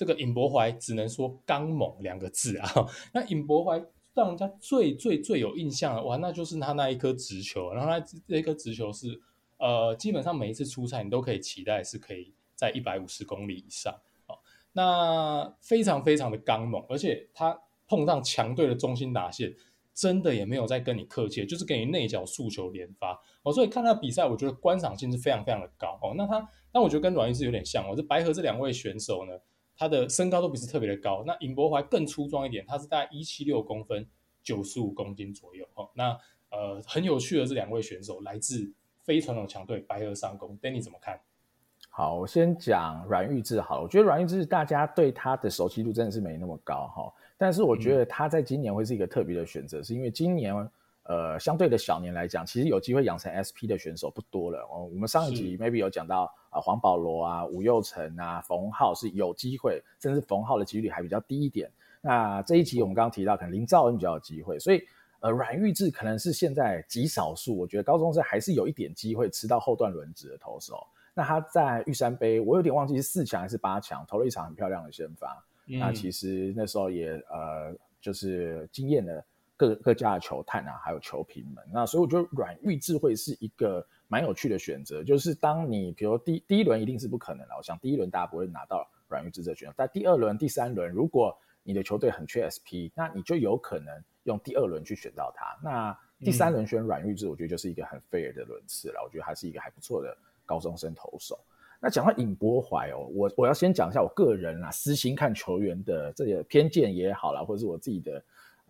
這個尹柏淮只能說剛猛兩個字啊。那尹柏淮讓人家最最最有印象的，哇，那就是他那一顆直球，然後他這一顆直球是呃，基本上每一次出賽你都可以期待是可以在一百五十公里以上，哦，那非常非常的剛猛，而且他碰上強隊的中心打線，真的也沒有在跟你客氣，就是給你內角速球連發，哦，所以看他比賽，我覺得觀賞性是非常非常的高哦。那他那我覺得跟阮裕是有點像哦。這白河這兩位選手呢，他的身高都不是特別的高，那尹柏淮更粗壯一點，他是大概一七六公分，九十五公斤左右。那呃，很有趣的這兩位選手來自非傳統強隊白河商工。Danny 怎麼看？好，我先講阮裕智好了。我覺得阮裕智大家對他的熟悉度真的是沒那麼高，哈，但是我覺得他在今年會是一個特別的選擇，嗯、是因為今年。呃，相對的小年來講，其實有機會養成 SP 的選手不多了。呃、我們上一集 maybe 有講到是、呃、黃寶羅啊，黃保羅啊、吳又成啊、馮浩是有機會，甚至馮浩的幾率還比較低一點。那這一集我們剛剛提到，可能林詔恩比較有機會，所以呃，阮裕智可能是現在極少數，我覺得高中生還是有一點機會吃到後段輪值的投手。那他在玉山杯，我有點忘記是四強還是八強，投了一場很漂亮的先發。嗯、那其實那時候也呃，就是驚艷的。各各家的球探啊，還有球評們，那所以我覺得阮裕智會是一個蠻有趣的選擇。就是當你，比如第第一輪一定是不可能了，我想第一輪大家不會拿到阮裕智這選。但第二輪、第三輪，如果你的球隊很缺 SP，那你就有可能用第二輪去選到他。那第三輪選阮裕智，我覺得就是一個很 fair 的輪次了。嗯、我覺得他是一個還不錯的高中生投手。那講到尹柏淮哦，我我要先講一下我個人啊，私心看球員的這個偏見也好啦，或者是我自己的。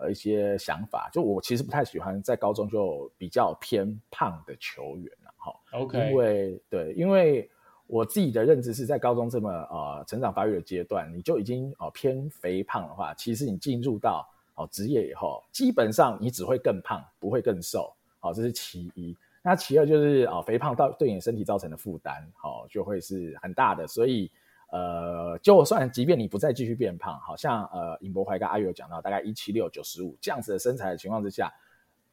一些想法，就我其實不太喜歡在高中就比較偏胖的球員了、啊、哈。OK，因為對，因為我自己的認知是在高中這麼呃成長發育的階段，你就已經哦、呃、偏肥胖的話，其實你進入到哦、呃、職業以後，基本上你只會更胖，不會更瘦。好、呃，這是其一。那其二就是哦、呃、肥胖到對你身體造成的負擔，哦、呃，就會是很大的。所以。呃，就算即便你不再繼續變胖，好像呃，尹柏淮跟阿躍有講到，大概一七六九十五這樣子的身材的情況之下，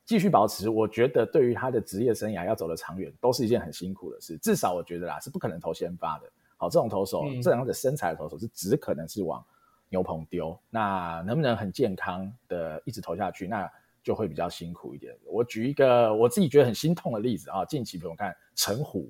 繼續保持，我覺得對於他的職業生涯要走得長遠，都是一件很辛苦的事。至少我覺得啦，是不可能投先發的。好，這種投手、嗯、這樣的身材的投手是只可能是往牛棚丟。那能不能很健康的一直投下去，那就會比較辛苦一點。我舉一個我自己覺得很心痛的例子啊，近期不用看陳虎。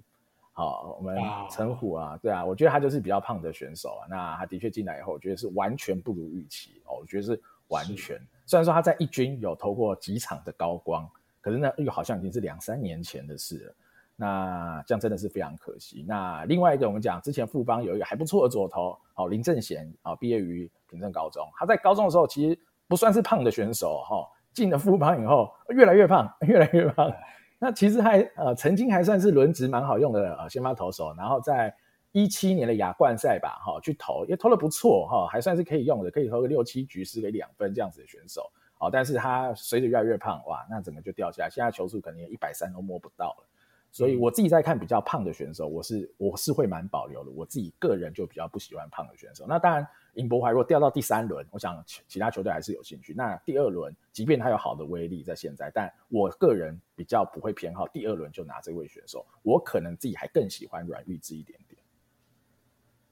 好、哦，我們陳虎啊，對啊，我覺得他就是比較胖的選手啊。那他的確進來以後，我覺得是完全不如預期哦。我覺得是完全，是雖然說他在一軍有投過幾場的高光，可是呢又好像已經是兩三年前的事了。那這樣真的是非常可惜。那另外一個，我們講之前富邦有一個還不錯的左投哦林正賢啊，畢、哦、業於平鎮高中。他在高中的時候其實不算是胖的選手哈，進、哦、了富邦以後越來越胖，越來越胖。那其實還呃曾經還算是輪值蠻好用的呃先發投手，然後在一七年的亞冠賽吧哈、哦、去投也投的不錯哈、哦、還算是可以用的，可以投個六七局失個兩分這樣子的選手、哦、但是他隨着越來越胖，哇那整個就掉下來，現在球速可能也一百三都摸不到了。所以我自己在看比較胖的選手，我是我是會蠻保留的，我自己個人就比較不喜歡胖的選手。那當然。尹柏淮如果掉到第三輪，我想其其他球隊還是有興趣。那第二輪，即便他有好的威力在現在，但我個人比較不會偏好第二輪就拿這位選手，我可能自己還更喜歡阮裕智一點點。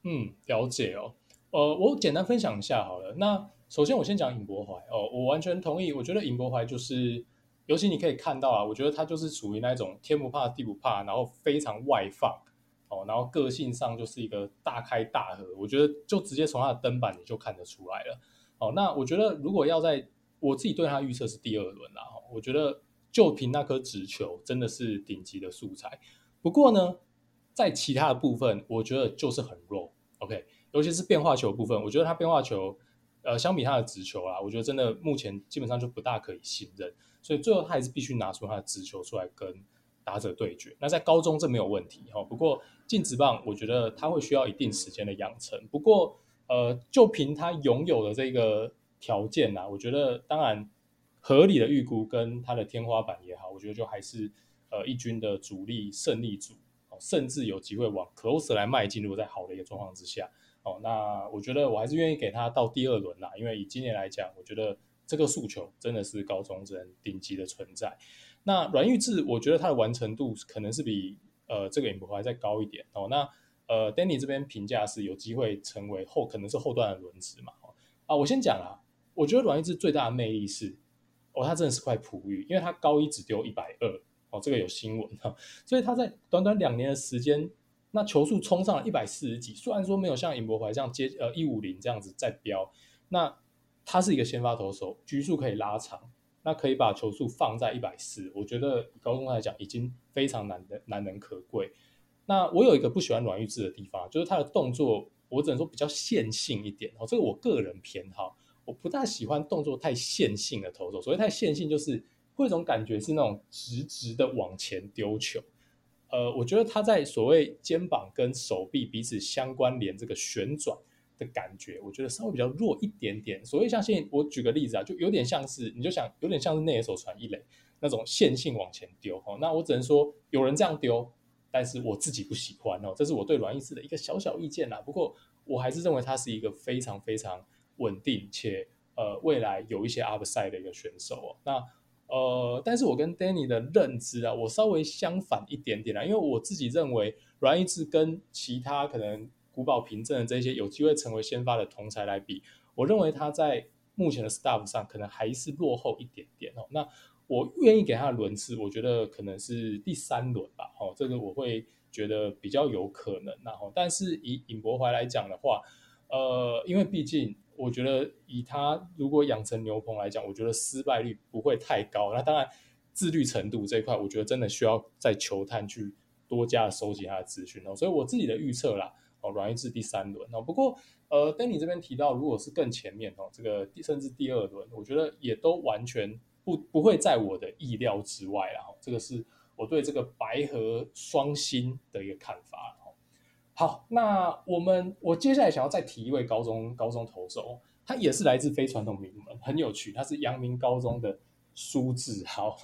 嗯，了解哦。呃，我簡單分享一下好了。那首先我先講尹柏淮哦，我完全同意，我覺得尹柏淮就是，尤其你可以看到啊，我覺得他就是處於那一種天不怕地不怕，然後非常外放。哦，然後個性上就是一個大開大合，我覺得就直接從他的登板你就看得出來了。哦，那我覺得如果要在我自己對他預測是第二輪了哈，我覺得就憑那顆直球真的是頂級的素材。不過呢，在其他的部分，我覺得就是很弱。OK，尤其是變化球部分，我覺得他變化球，呃，相比他的直球啊，我覺得真的目前基本上就不大可以信任。所以最後他還是必須拿出他的直球出來跟打者對決，那在高中這沒有問題哈、哦。不過，進職棒我覺得他會需要一定時間的養成。不過，呃，就憑他擁有的這個條件呢、啊，我覺得當然合理的預估跟他的天花板也好，我覺得就還是呃一軍的主力勝利組、哦、甚至有機會往 close 來邁進入在好的一個狀況之下哦。那我覺得我還是願意給他到第二輪啦，因為以今年來講，我覺得這個訴求真的是高中生頂級的存在。那阮裕智，我覺得他的完成度可能是比呃這個尹柏淮再高一點哦。那呃 Danny 這邊評價是有機會成為後可能是後段的輪值嘛？哦啊，我先講啦，我覺得阮裕智最大的魅力是哦，他真的是塊璞玉，因為他高一只丟一百二哦，這個有新聞哈對，啊、所以他在短短兩年的時間，那球速衝上了一百四十幾，雖然說沒有像尹柏淮這樣接呃一五零這樣子在飆，那他是一個先發投手，局數可以拉長。那可以把球速放在一百四，我覺得高中來講已經非常難能難能可貴。那我有一個不喜歡阮裕智的地方，就是他的動作，我只能說比較線性一點哦，這個我個人偏好，我不大喜歡動作太線性的投手。所謂太線性，就是會有一種感覺是那種直直的往前丟球。呃，我覺得他在所謂肩膀跟手臂彼此相關聯這個旋轉。的感覺，我覺得稍微比較弱一點點。所謂線性，我舉個例子啊，就有點像是，你就想有點像是那一手傳一壘那種線性往前丟哈。那我只能說，有人這樣丟，但是我自己不喜歡哦。這是我對阮裕智的一個小小意見啦。不過我還是認為他是一個非常非常穩定且呃未來有一些 upside 的一個選手哦、喔。那呃，但是我跟 Danny 的認知啊，我稍微相反一點點啊，因為我自己認為阮裕智跟其他可能。古堡憑證的這些有機會成為先發的同才來比，我認為他在目前的 stuff 上可能還是落後一點點哦。那我願意給他的輪次，我覺得可能是第三輪吧。哦，這個我會覺得比較有可能。然後，但是以尹柏淮來講的話，呃，因為畢竟我覺得以他如果養成牛棚來講，我覺得失敗率不會太高。那當然自律程度這一塊，我覺得真的需要在球探去多加收集他的資訊哦。所以我自己的預測啦。哦，軟一質第三輪。哦，不過，呃，Danny 這邊提到，如果是更前面哦，這個甚至第二輪，我覺得也都完全不不會在我的意料之外啦。哈，這個是我對這個白河雙星的一個看法。好，那我們我接下來想要再提一位高中高中投手，他也是來自非傳統名門，很有趣，他是陽明高中的舒治浩。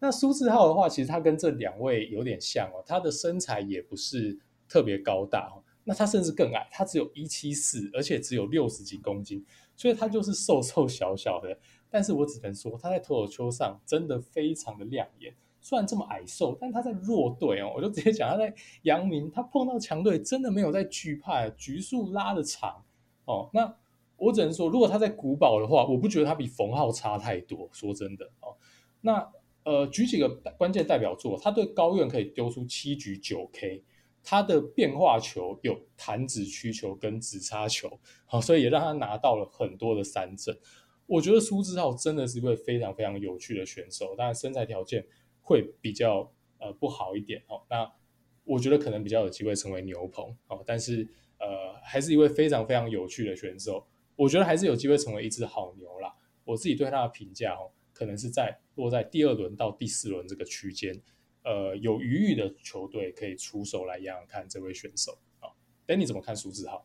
那舒治浩的話，其實他跟這兩位有點像哦，他的身材也不是特別高大。那他甚至更矮，他只有一七四，而且只有六十幾公斤，所以他就是瘦瘦小小的。但是我只能說，他在投手丘上真的非常的亮眼。雖然這麼矮瘦，但他在弱隊哦，我就直接講他在陽明，他碰到強隊真的沒有在懼怕，局數拉得長哦。那我只能說，如果他在古堡的話，我不覺得他比馮浩差太多。說真的哦，那呃，舉幾個關鍵代表作，他對高院可以丟出七局九 K。他的變化球有彈指曲球跟指叉球，好、哦，所以也讓他拿到了很多的三振。我覺得舒治浩真的是一位非常非常有趣的選手，當然身材條件會比較呃不好一點哦。那我覺得可能比較有機會成為牛棚哦，但是呃還是一位非常非常有趣的選手，我覺得還是有機會成為一隻好牛啦。我自己對他的評價哦，可能是在落在第二輪到第四輪這個區間。呃，有餘裕的球隊可以出手來養養看這位選手。好，Danny，哦，怎麼看舒治浩？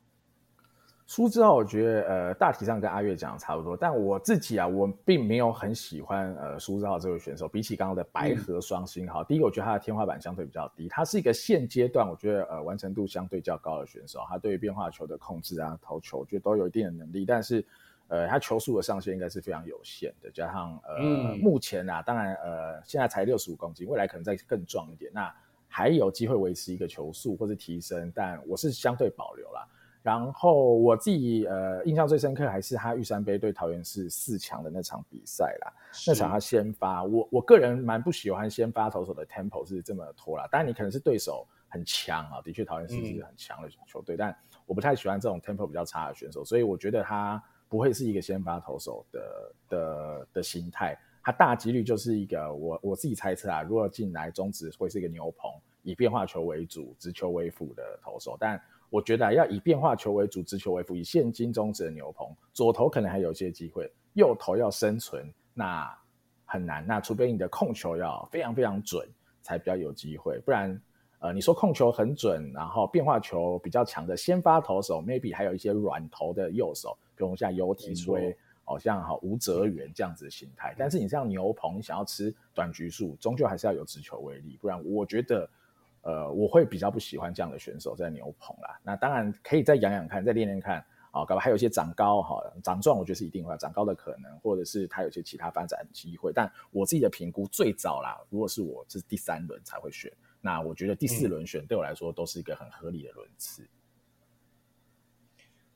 舒治浩，我覺得呃，大體上跟阿躍講的差不多。但我自己啊，我並沒有很喜歡呃舒治浩這位選手。比起剛剛的白合雙星號，哈、嗯，第一，我覺得他的天花板相對比較低。他是一個現階段我覺得呃完成度相對較高的選手，他對於變化球的控制啊、投球，我覺得都有一定的能力，但是。呃，他球速的上限應該是非常有限的，加上呃，嗯、目前啊，當然呃，現在才六十五公斤，未來可能再更壯一點，那還有機會維持一個球速或是提升，但我是相對保留啦。然後我自己呃，印象最深刻還是他玉山杯對桃園市四強的那場比賽啦，是那場他先發，我我個人蠻不喜歡先發投手的 tempo 是這麼拖拉，當然你可能是對手很強啊，的確桃園市是很強的球隊，嗯、但我不太喜歡這種 tempo 比較差的選手，所以我覺得他。不會是一個先發投手的的的形態，它大幾率就是一個我我自己猜測啊，如果進來中職會是一個牛棚，以變化球為主，直球為輔的投手。但我覺得啊，要以變化球為主，直球為輔，以現今中職的牛棚，左投可能還有一些機會，右投要生存那很難，那除非你的控球要非常非常準才比較有機會，不然呃，你說控球很準，然後變化球比較強的先發投手，maybe 還有一些軟投的右手。用一下遊艇，說好像好吳哲源這樣子的形態，但是你像牛棚，你想要吃短局數，終究還是要有直球威力，不然我覺得，呃，我會比較不喜歡這樣的選手在牛棚啦。那當然可以再養養看，再練練看，啊，搞不好還有一些長高哈，長壯，我覺得是一定會長高的可能，或者是他有些其他發展機會。但我自己的評估，最早啦，如果是我這是第三輪才會選，那我覺得第四輪選對我來說都是一個很合理的輪次。嗯嗯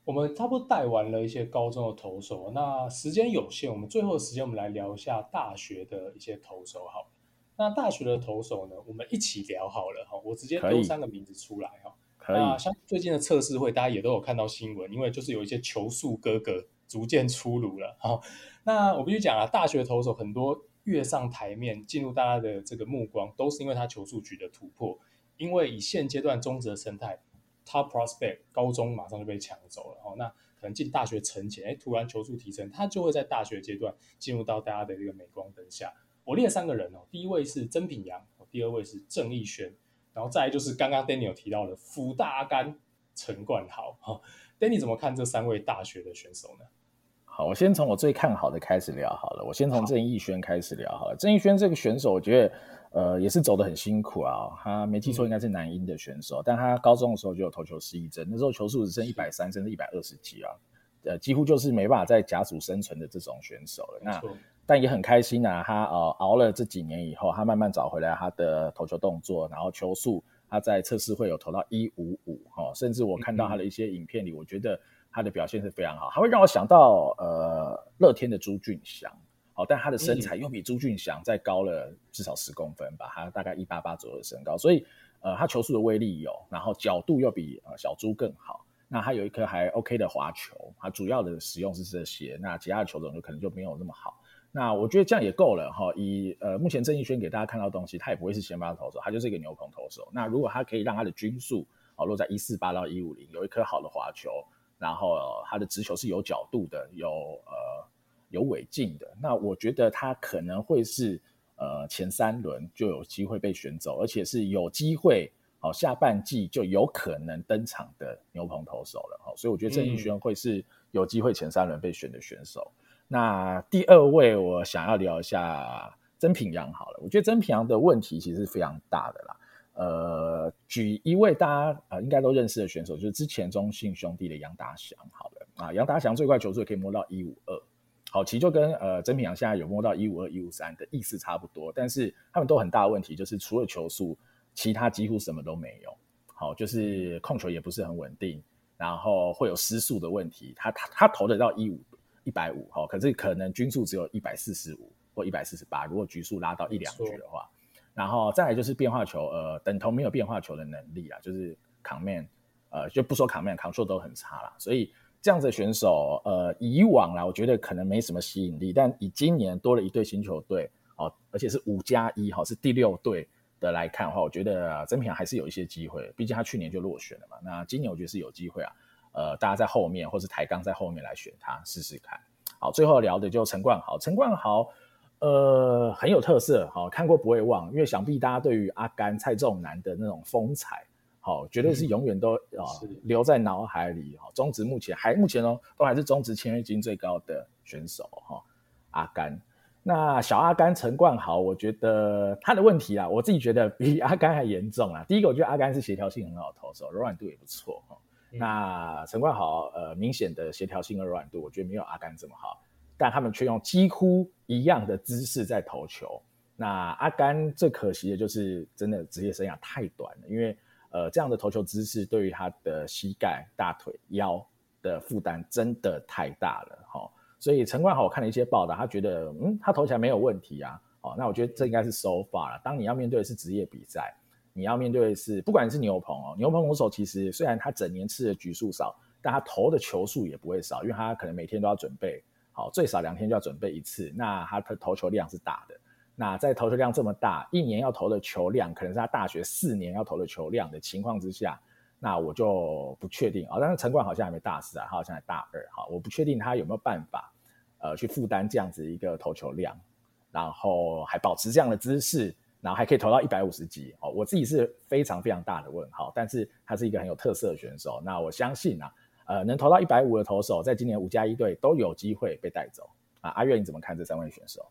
我們差不多帶完了一些高中的投手，那時間有限，我們最後的時間我們來聊一下大學的一些投手好了。那大學的投手呢，我們一起聊好了哈。我直接丟三個名字出來哈。可以。那像最近的測試會，大家也都有看到新聞，因為就是有一些球速哥哥逐漸出爐了哈。那我必須講啊，大學投手很多躍上台面，進入大家的這個目光，都是因為他球速局的突破。因為以現階段中職的生態。Top prospect 高中馬上就被搶走了哦，那可能進大學程前，哎，突然球速提升，他就會在大學階段進入到大家的這個鎂光燈下。我列三個人哦，第一位是曾品洋，第二位是鄭亦軒，然後再來就是剛剛 Danny 提到的輔大阿甘陳冠豪。哈、哦、，Danny 怎麼看這三位大學的選手呢？好，我先從我最看好的開始聊好了，我先從鄭亦軒開始聊好了。好，鄭亦軒這個選手，我覺得。呃，也是走得很辛苦啊、哦。他沒記錯，應該是南英的選手。嗯、但他高中的時候就有投球失憶症，那時候球速只剩一百三，甚至一百二十幾啊。呃，幾乎就是沒辦法在甲組生存的這種選手了。那錯但也很開心啊，他呃熬了這幾年以後，他慢慢找回來他的投球動作，然後球速，他在測試會有投到一五五哦，甚至我看到他的一些影片裡，嗯、哼我覺得他的表現是非常好，他會讓我想到呃樂天的朱俊祥。好，但他的身材又比朱俊祥再高了至少十公分吧，他大概一八八左右的身高，所以呃，他球速的威力有，然後角度又比呃小朱更好，那他有一顆還 OK 的滑球，他主要的使用是這些，那其他的球種就可能就沒有那麼好。那我覺得這樣也夠了哈，以呃目前鄭亦軒給大家看到的東西，他也不會是先發投手，他就是一個牛棚投手。那如果他可以讓他的均速哦落在一四八到一五零，有一顆好的滑球，然後他的直球是有角度的，有呃。有違禁的，那我覺得他可能會是呃前三輪就有機會被選走，而且是有機會哦，下半季就有可能登場的牛棚投手了哦。所以我覺得鄭亦軒會是有機會前三輪被選的選手。嗯、那第二位我想要聊一下曾品洋好了，我覺得曾品洋的問題其實是非常大的啦。呃，舉一位大家、呃、應該都認識的選手，就是之前中信兄弟的楊達祥好了啊。楊達祥最快球速也可以摸到一五二。好，其實就跟呃，曾品洋現在有摸到一五二、一五三的意思差不多，但是他們都很大的問題，就是除了球速，其他幾乎什麼都沒有。好，就是控球也不是很穩定，然後會有失速的問題。他他他投得到一五一百五，好，可是可能均速只有一百四十五或一百四十八。如果局數拉到一兩局的話，沒錯。然後再來就是變化球，呃，等同沒有變化球的能力啊，就是 command，呃，就不說 command，control 都很差了，所以。這樣的選手，呃，以往啦，我覺得可能沒什麼吸引力。但以今年多了一隊新球隊，哦，而且是五加一，哈、哦，是第六隊的來看的話，我覺得曾、啊、品還是有一些機會。畢竟他去年就落選了嘛。那今年我覺得是有機會啊。呃，大家在後面或是台鋼在後面來選他試試看。好，最後聊的就陳冠豪，陳冠豪，呃，很有特色，好、哦，看過不會忘，因為想必大家對於阿甘蔡仲南的那種風采。好，絕對、哦、是永遠都啊，留在腦海裡。哈，中職目前還目前都還是中職簽約金最高的選手。哈、哦，阿甘，那小阿甘陳冠豪，我覺得他的問題啊，我自己覺得比阿甘還嚴重啊。第一個，我覺得阿甘是協調性很好，投手柔軟度也不錯。哈、哦，嗯、那陳冠豪呃，明顯的協調性和柔軟度，我覺得沒有阿甘這麼好。但他們卻用幾乎一樣的姿勢在投球。那阿甘最可惜的就是真的職業生涯太短了，因為。呃，這樣的投球姿勢對於他的膝蓋、大腿、腰的負擔真的太大了，哦。所以陳冠豪我看了一些報道，他覺得，嗯，他投起來沒有問題啊，哦，那我覺得這應該是 so far 了。當你要面對的是職業比賽，你要面對的是，不管你是牛棚哦、喔，牛棚投手其實雖然他整年吃的局數少，但他投的球數也不會少，因為他可能每天都要準備，好，最少兩天就要準備一次，那他的投球量是大的。那在投球量這麼大，一年要投的球量可能是他大學四年要投的球量的情況之下，那我就不確定啊、哦。但是陳冠好像還沒大四啊，他好像還大二哈，我不確定他有沒有辦法，呃，去負擔這樣子一個投球量，然後還保持這樣的姿勢，然後還可以投到一百五十幾哦。我自己是非常非常大的問號，但是他是一個很有特色的選手。那我相信啊，呃，能投到一百五的投手，在今年五加一隊都有機會被帶走啊。阿躍，你怎麼看這三位選手？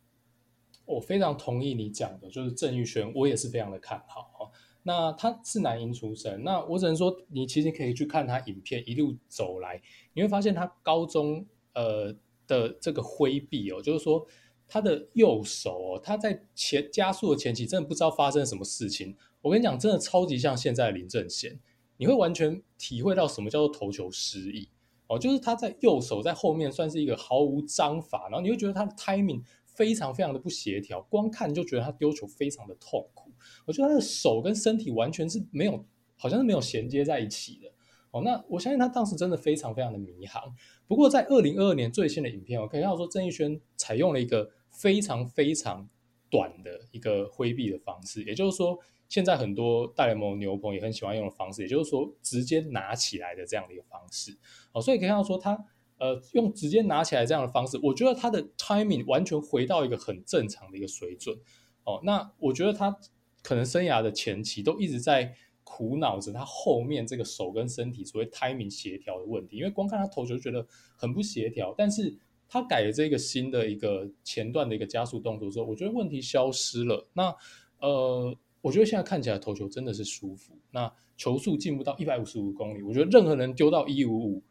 我、哦、非常同意你講的，就是鄭亦軒，我也是非常的看好、哦。那他是南英出身，那我只能說，你其實可以去看他影片一路走來，你會發現他高中呃的這個揮臂哦，就是說他的右手哦，他在前加速的前期，真的不知道發生了什麼事情。我跟你講，真的超級像現在的林正賢，你會完全體會到什麼叫做投球失憶哦，就是他在右手在後面算是一個毫無章法，然後你會覺得他的 timing。非常非常的不協調，光看就覺得他丟球非常的痛苦。我覺得他的手跟身體完全是沒有，好像是沒有銜接在一起的。哦，那我相信他當時真的非常非常的迷航。不過在二零二二年最新的影片，我可以看到說鄭亦軒採用了一個非常非常短的一個揮臂的方式，也就是說現在很多大聯盟牛棚也很喜歡用的方式，也就是說直接拿起來的這樣的一個方式。哦，所以可以看到說他。呃，用直接拿起來這樣的方式，我覺得他的 timing 完全回到一個很正常的一個水準。哦，那我覺得他可能生涯的前期都一直在苦惱着他後面這個手跟身體所謂 timing 協調的問題，因為光看他投球覺得很不協調。但是他改了這個新的一個前段的一個加速動作之後，我覺得問題消失了。那呃，我覺得現在看起來投球真的是舒服。那球速進步到一百五十五公里，我覺得任何人丟到一五五。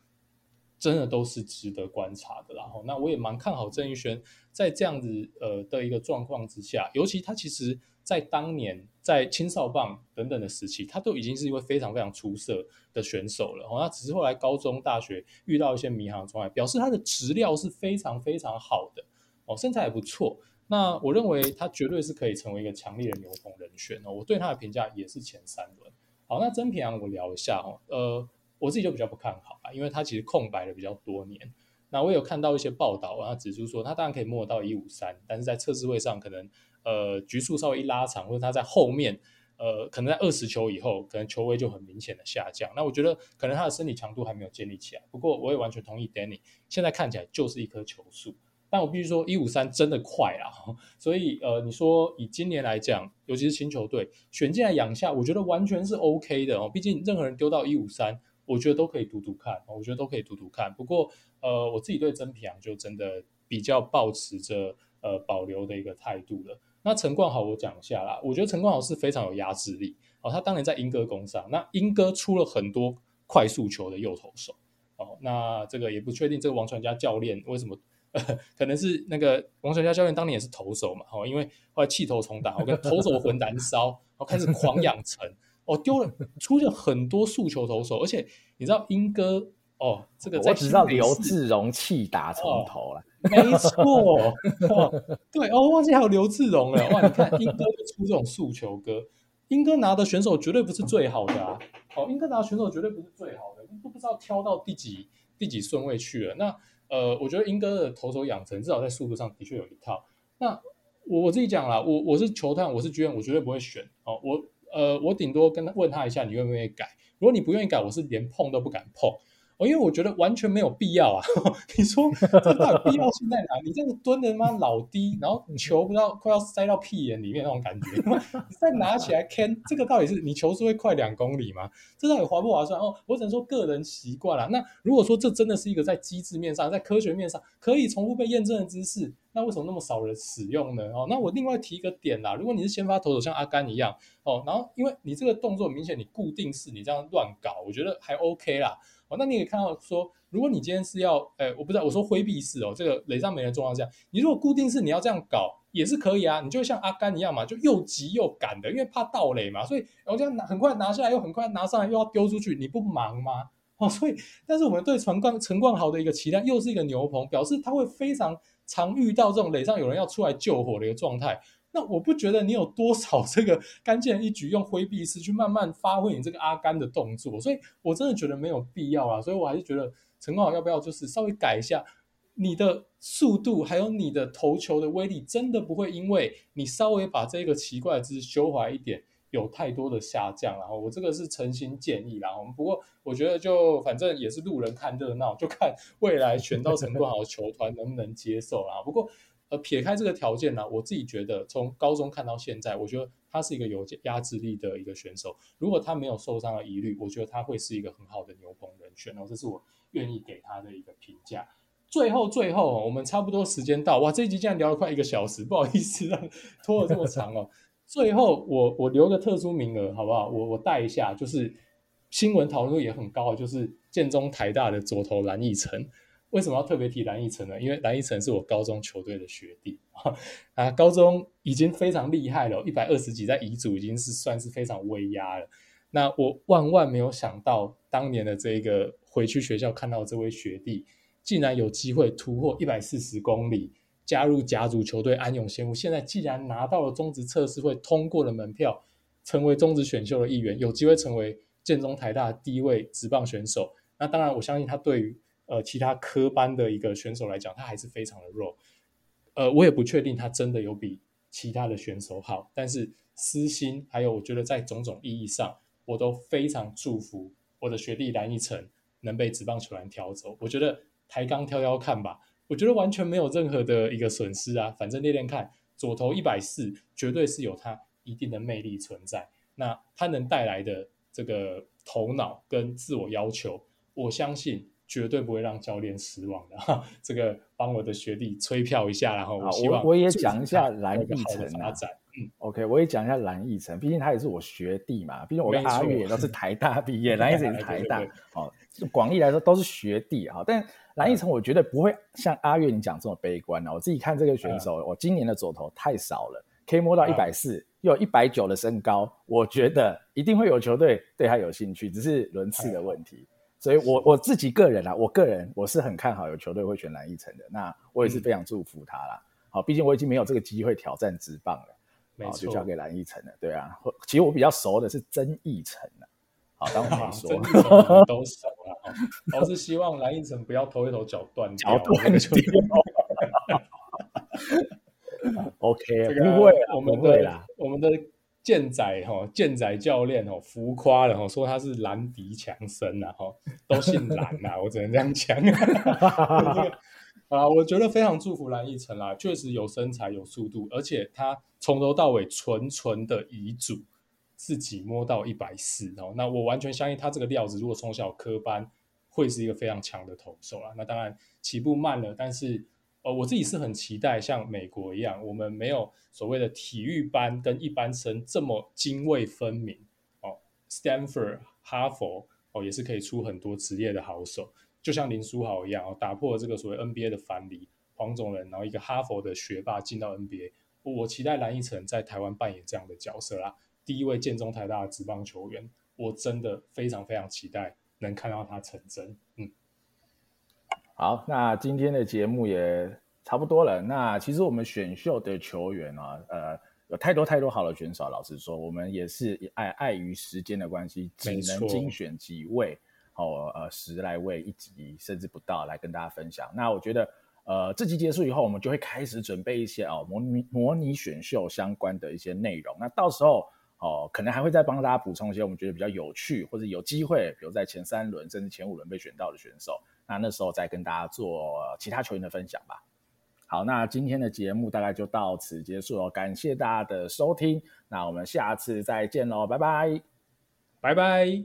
真的都是值得觀察的啦，然後那我也蠻看好鄭亦軒在這樣子呃的一個狀況之下，尤其他其實在當年在青少棒等等的時期，他都已經是一位非常非常出色的選手了哦。那只是後來高中大學遇到一些迷航狀態，表示他的質料是非常非常好的哦，身材也不錯。那我認為他絕對是可以成為一個強力的牛童人選哦。我對他的評價也是前三輪。好，那曾品洋我聊一下哦。呃。我自己就比較不看好啊，因為他其實空白了比較多年。那我有看到一些報道，然後指出說他當然可以摸到一五三，但是在測試會上可能呃局數稍微一拉長，或者他在後面呃可能在二十球以後，可能球威就很明顯的下降。那我覺得可能他的身體強度還沒有建立起來。不過我也完全同意，Danny 現在看起來就是一顆球速。但我必須說一五三真的快啊！所以呃，你說以今年來講，尤其是新球隊選進來養下，我覺得完全是 OK 的哦。畢竟任何人丟到一五三。我覺得都可以讀讀看，我覺得都可以讀讀看。不過，呃，我自己對曾品洋就真的比較抱持着呃保留的一個態度了。那陳冠豪，我講一下啦。我覺得陳冠豪是非常有壓制力。哦，他當年在鶯歌工商，那鶯歌出了很多快速球的右投手。哦，那這個也不確定，這個王傳家教練為什麼，呃？可能是那個王傳家教練當年也是投手嘛。哦，因為後來氣頭重大，我跟投手魂燃燒，然後開始狂養成。 (laughs) 哦，丟了，出了很多速球投手，而且你知道英哥哦，這個在我只知道劉志榮棄打從投了，哦、沒錯，對 (laughs) 哦，對哦，我忘記還有劉志榮了，哇，你看英哥出這種速球哥， (laughs) 英哥拿的選手絕對不是最好的啊，哦，英哥拿的選手絕對不是最好的，都不知道挑到第幾第幾順位去了。那呃，我覺得英哥的投手養成至少在速度上的確有一套。那我自己講啦，我我是球探，我是專員，我絕對不會選哦，我。呃，我頂多跟他問他一下，你願不願意改？如果你不願意改，我是連碰都不敢碰。哦、因為我覺得完全沒有必要啊！呵呵，你說這到底必要性在哪？ (laughs) 你這樣蹲的他媽老低，然後你球不知道快要塞到屁眼裡面那種感覺， (laughs) 你再拿起來看， (laughs) 這個到底是你球是會快兩公里嗎？這到底划不划算？哦，我只能說個人習慣啦、啊、那如果說這真的是一個在機制面上、在科學面上可以重複被驗證的知識，那為什麼那麼少人使用呢？哦，那我另外提一個點啦，如果你是先發投手，像阿甘一樣哦，然後因為你這個動作明顯你固定式，你這樣亂搞，我覺得還 OK 啦。哦，那你也可以看到說，如果你今天是要，呃，我不知道，我說揮臂式哦，這個壘上沒人狀況下，你如果固定式你要這樣搞也是可以啊，你就像阿甘一樣嘛，就又急又趕的，因為怕盜壘嘛，所以然後這樣拿，很快拿下來，又很快拿上來，又要丟出去，你不忙嗎？哦，所以，但是我們對陳冠陳冠豪的一個期待又是一個牛棚，表示他會非常常遇到這種壘上有人要出來救火的一個狀態。那我不覺得你有多少這個乾淨一局用揮臂式去慢慢發揮你這個阿甘的動作，所以我真的覺得沒有必要啊，所以我還是覺得陳冠豪要不要就是稍微改一下你的速度，還有你的投球的威力，真的不會因為你稍微把這個奇怪的姿勢修劃一點，有太多的下降。然後我這個是誠心建議啦，我們不過我覺得就反正也是路人看熱鬧，就看未來選到陳冠豪球團能不能接受啦。 (laughs) 不過。而撇開這個條件呢、啊，我自己覺得從高中看到現在，我覺得他是一個有壓制力的一個選手。如果他沒有受傷的疑慮，我覺得他會是一個很好的牛棚人選。然後，這是我願意給他的一個評價。最後，最後，我們差不多時間到，哇，這一集竟然聊了快一個小時，不好意思，拖了這麼長哦。 (laughs) 最後我，我我留個特殊名額好不好？我我帶一下，就是新聞討論度也很高，就是建中台大的左投藍翊誠。為什麼要特別提藍翊誠呢？因為藍翊誠是我高中球隊的學弟啊，啊高中已經非常厲害了，一百二十幾在乙組已經是算是非常威壓了。那我萬萬沒有想到，當年的這個回去學校看到這位學弟，竟然有機會突破一百四十公里，加入甲組球隊安永鮮物。現在既然拿到了中職測試會通過的門票，成為中職選秀的一員，有機會成為建中台大第一位職棒選手。那當然，我相信他對於。呃，其他科班的一個選手來講，他還是非常的弱。呃，我也不確定他真的有比其他的選手好。但是私心，還有我覺得在種種意義上，我都非常祝福我的學弟藍翊誠能被職棒球員挑走。我覺得抬槓挑挑看吧，我覺得完全沒有任何的一個損失啊，反正練練看，左投一百四，絕對是有他一定的魅力存在。那他能帶來的這個頭腦跟自我要求，我相信。絕對不會讓教練失望的。哈，這個幫我的學弟吹票一下，然後我希望、啊、我，我也講一下藍翊誠、啊嗯、OK，我也講一下藍翊誠，畢竟他也是我學弟嘛。畢竟我跟阿躍都是台大畢業，錯藍翊誠也是台大。哦、 (laughs) 啊，廣、喔、義來說都是學弟啊、喔。但藍翊誠我覺得不會像阿躍你講這麼悲觀、喔啊、我自己看這個選手，啊、我今年的左投太少了，可以摸到一百四，又有一百九的身高，我覺得一定會有球隊對他有興趣，只是輪次的問題。啊所以我，我嗎我自己個人啦、啊，我個人我是很看好有球隊會選藍翊誠的，那我也是非常祝福他啦。好、嗯，畢竟我已經沒有這個機會挑戰職棒了，沒錯錯、喔，就交給藍翊誠了。對啊，其實我比較熟的是曾翊誠了。好，當我沒說。 (laughs) 啊、都熟了、啊 (laughs) 哦、我是希望藍翊誠不要頭一頭腳斷，腳斷就 OK，因、這個、會，我們不會啦，我們的。健仔健仔教練哦，浮誇了說他是蘭迪強森，哈，都姓蘭、啊、 (laughs) 我只能這樣講。啊、 (laughs) (laughs) 這個，我覺得非常祝福藍翊誠啦，確實有身材有速度，而且他從頭到尾純純的遺囑自己摸到一百四哦，那我完全相信他這個料子，如果從小科班，會是一個非常強的投手啦，那當然起步慢了，但是。呃、哦，我自己是很期待像美國一樣，我們沒有所謂的體育班跟一般生這麼涇渭分明。哦，Stanford、哈佛哦，也是可以出很多職業的好手，就像林書豪一樣，哦，打破了這個所謂 NBA 的藩籬，黃種人，然後一個哈佛的學霸進到 NBA。我期待藍翊誠在台灣扮演這樣的角色啦，第一位建中台大的職棒球員，我真的非常非常期待能看到他成真。好，那今天的節目也差不多了。那其實我們選秀的球員啊，呃，有太多太多好的選手。老實說，我們也是愛礙於時間的關係，只能精選幾位，沒錯。哦，呃，十來位一集，甚至不到，來跟大家分享。那我覺得，呃，這集結束以後，我們就會開始準備一些哦，模擬模擬選秀相關的一些內容。那到時候，哦，可能還會再幫大家補充一些我們覺得比較有趣或者有機會，比如在前三輪甚至前五輪被選到的選手。那那時候再跟大家做其他球員的分享吧。好，那今天的節目大概就到此結束了，感謝大家的收聽，那我們下次再見囉，拜拜，拜拜。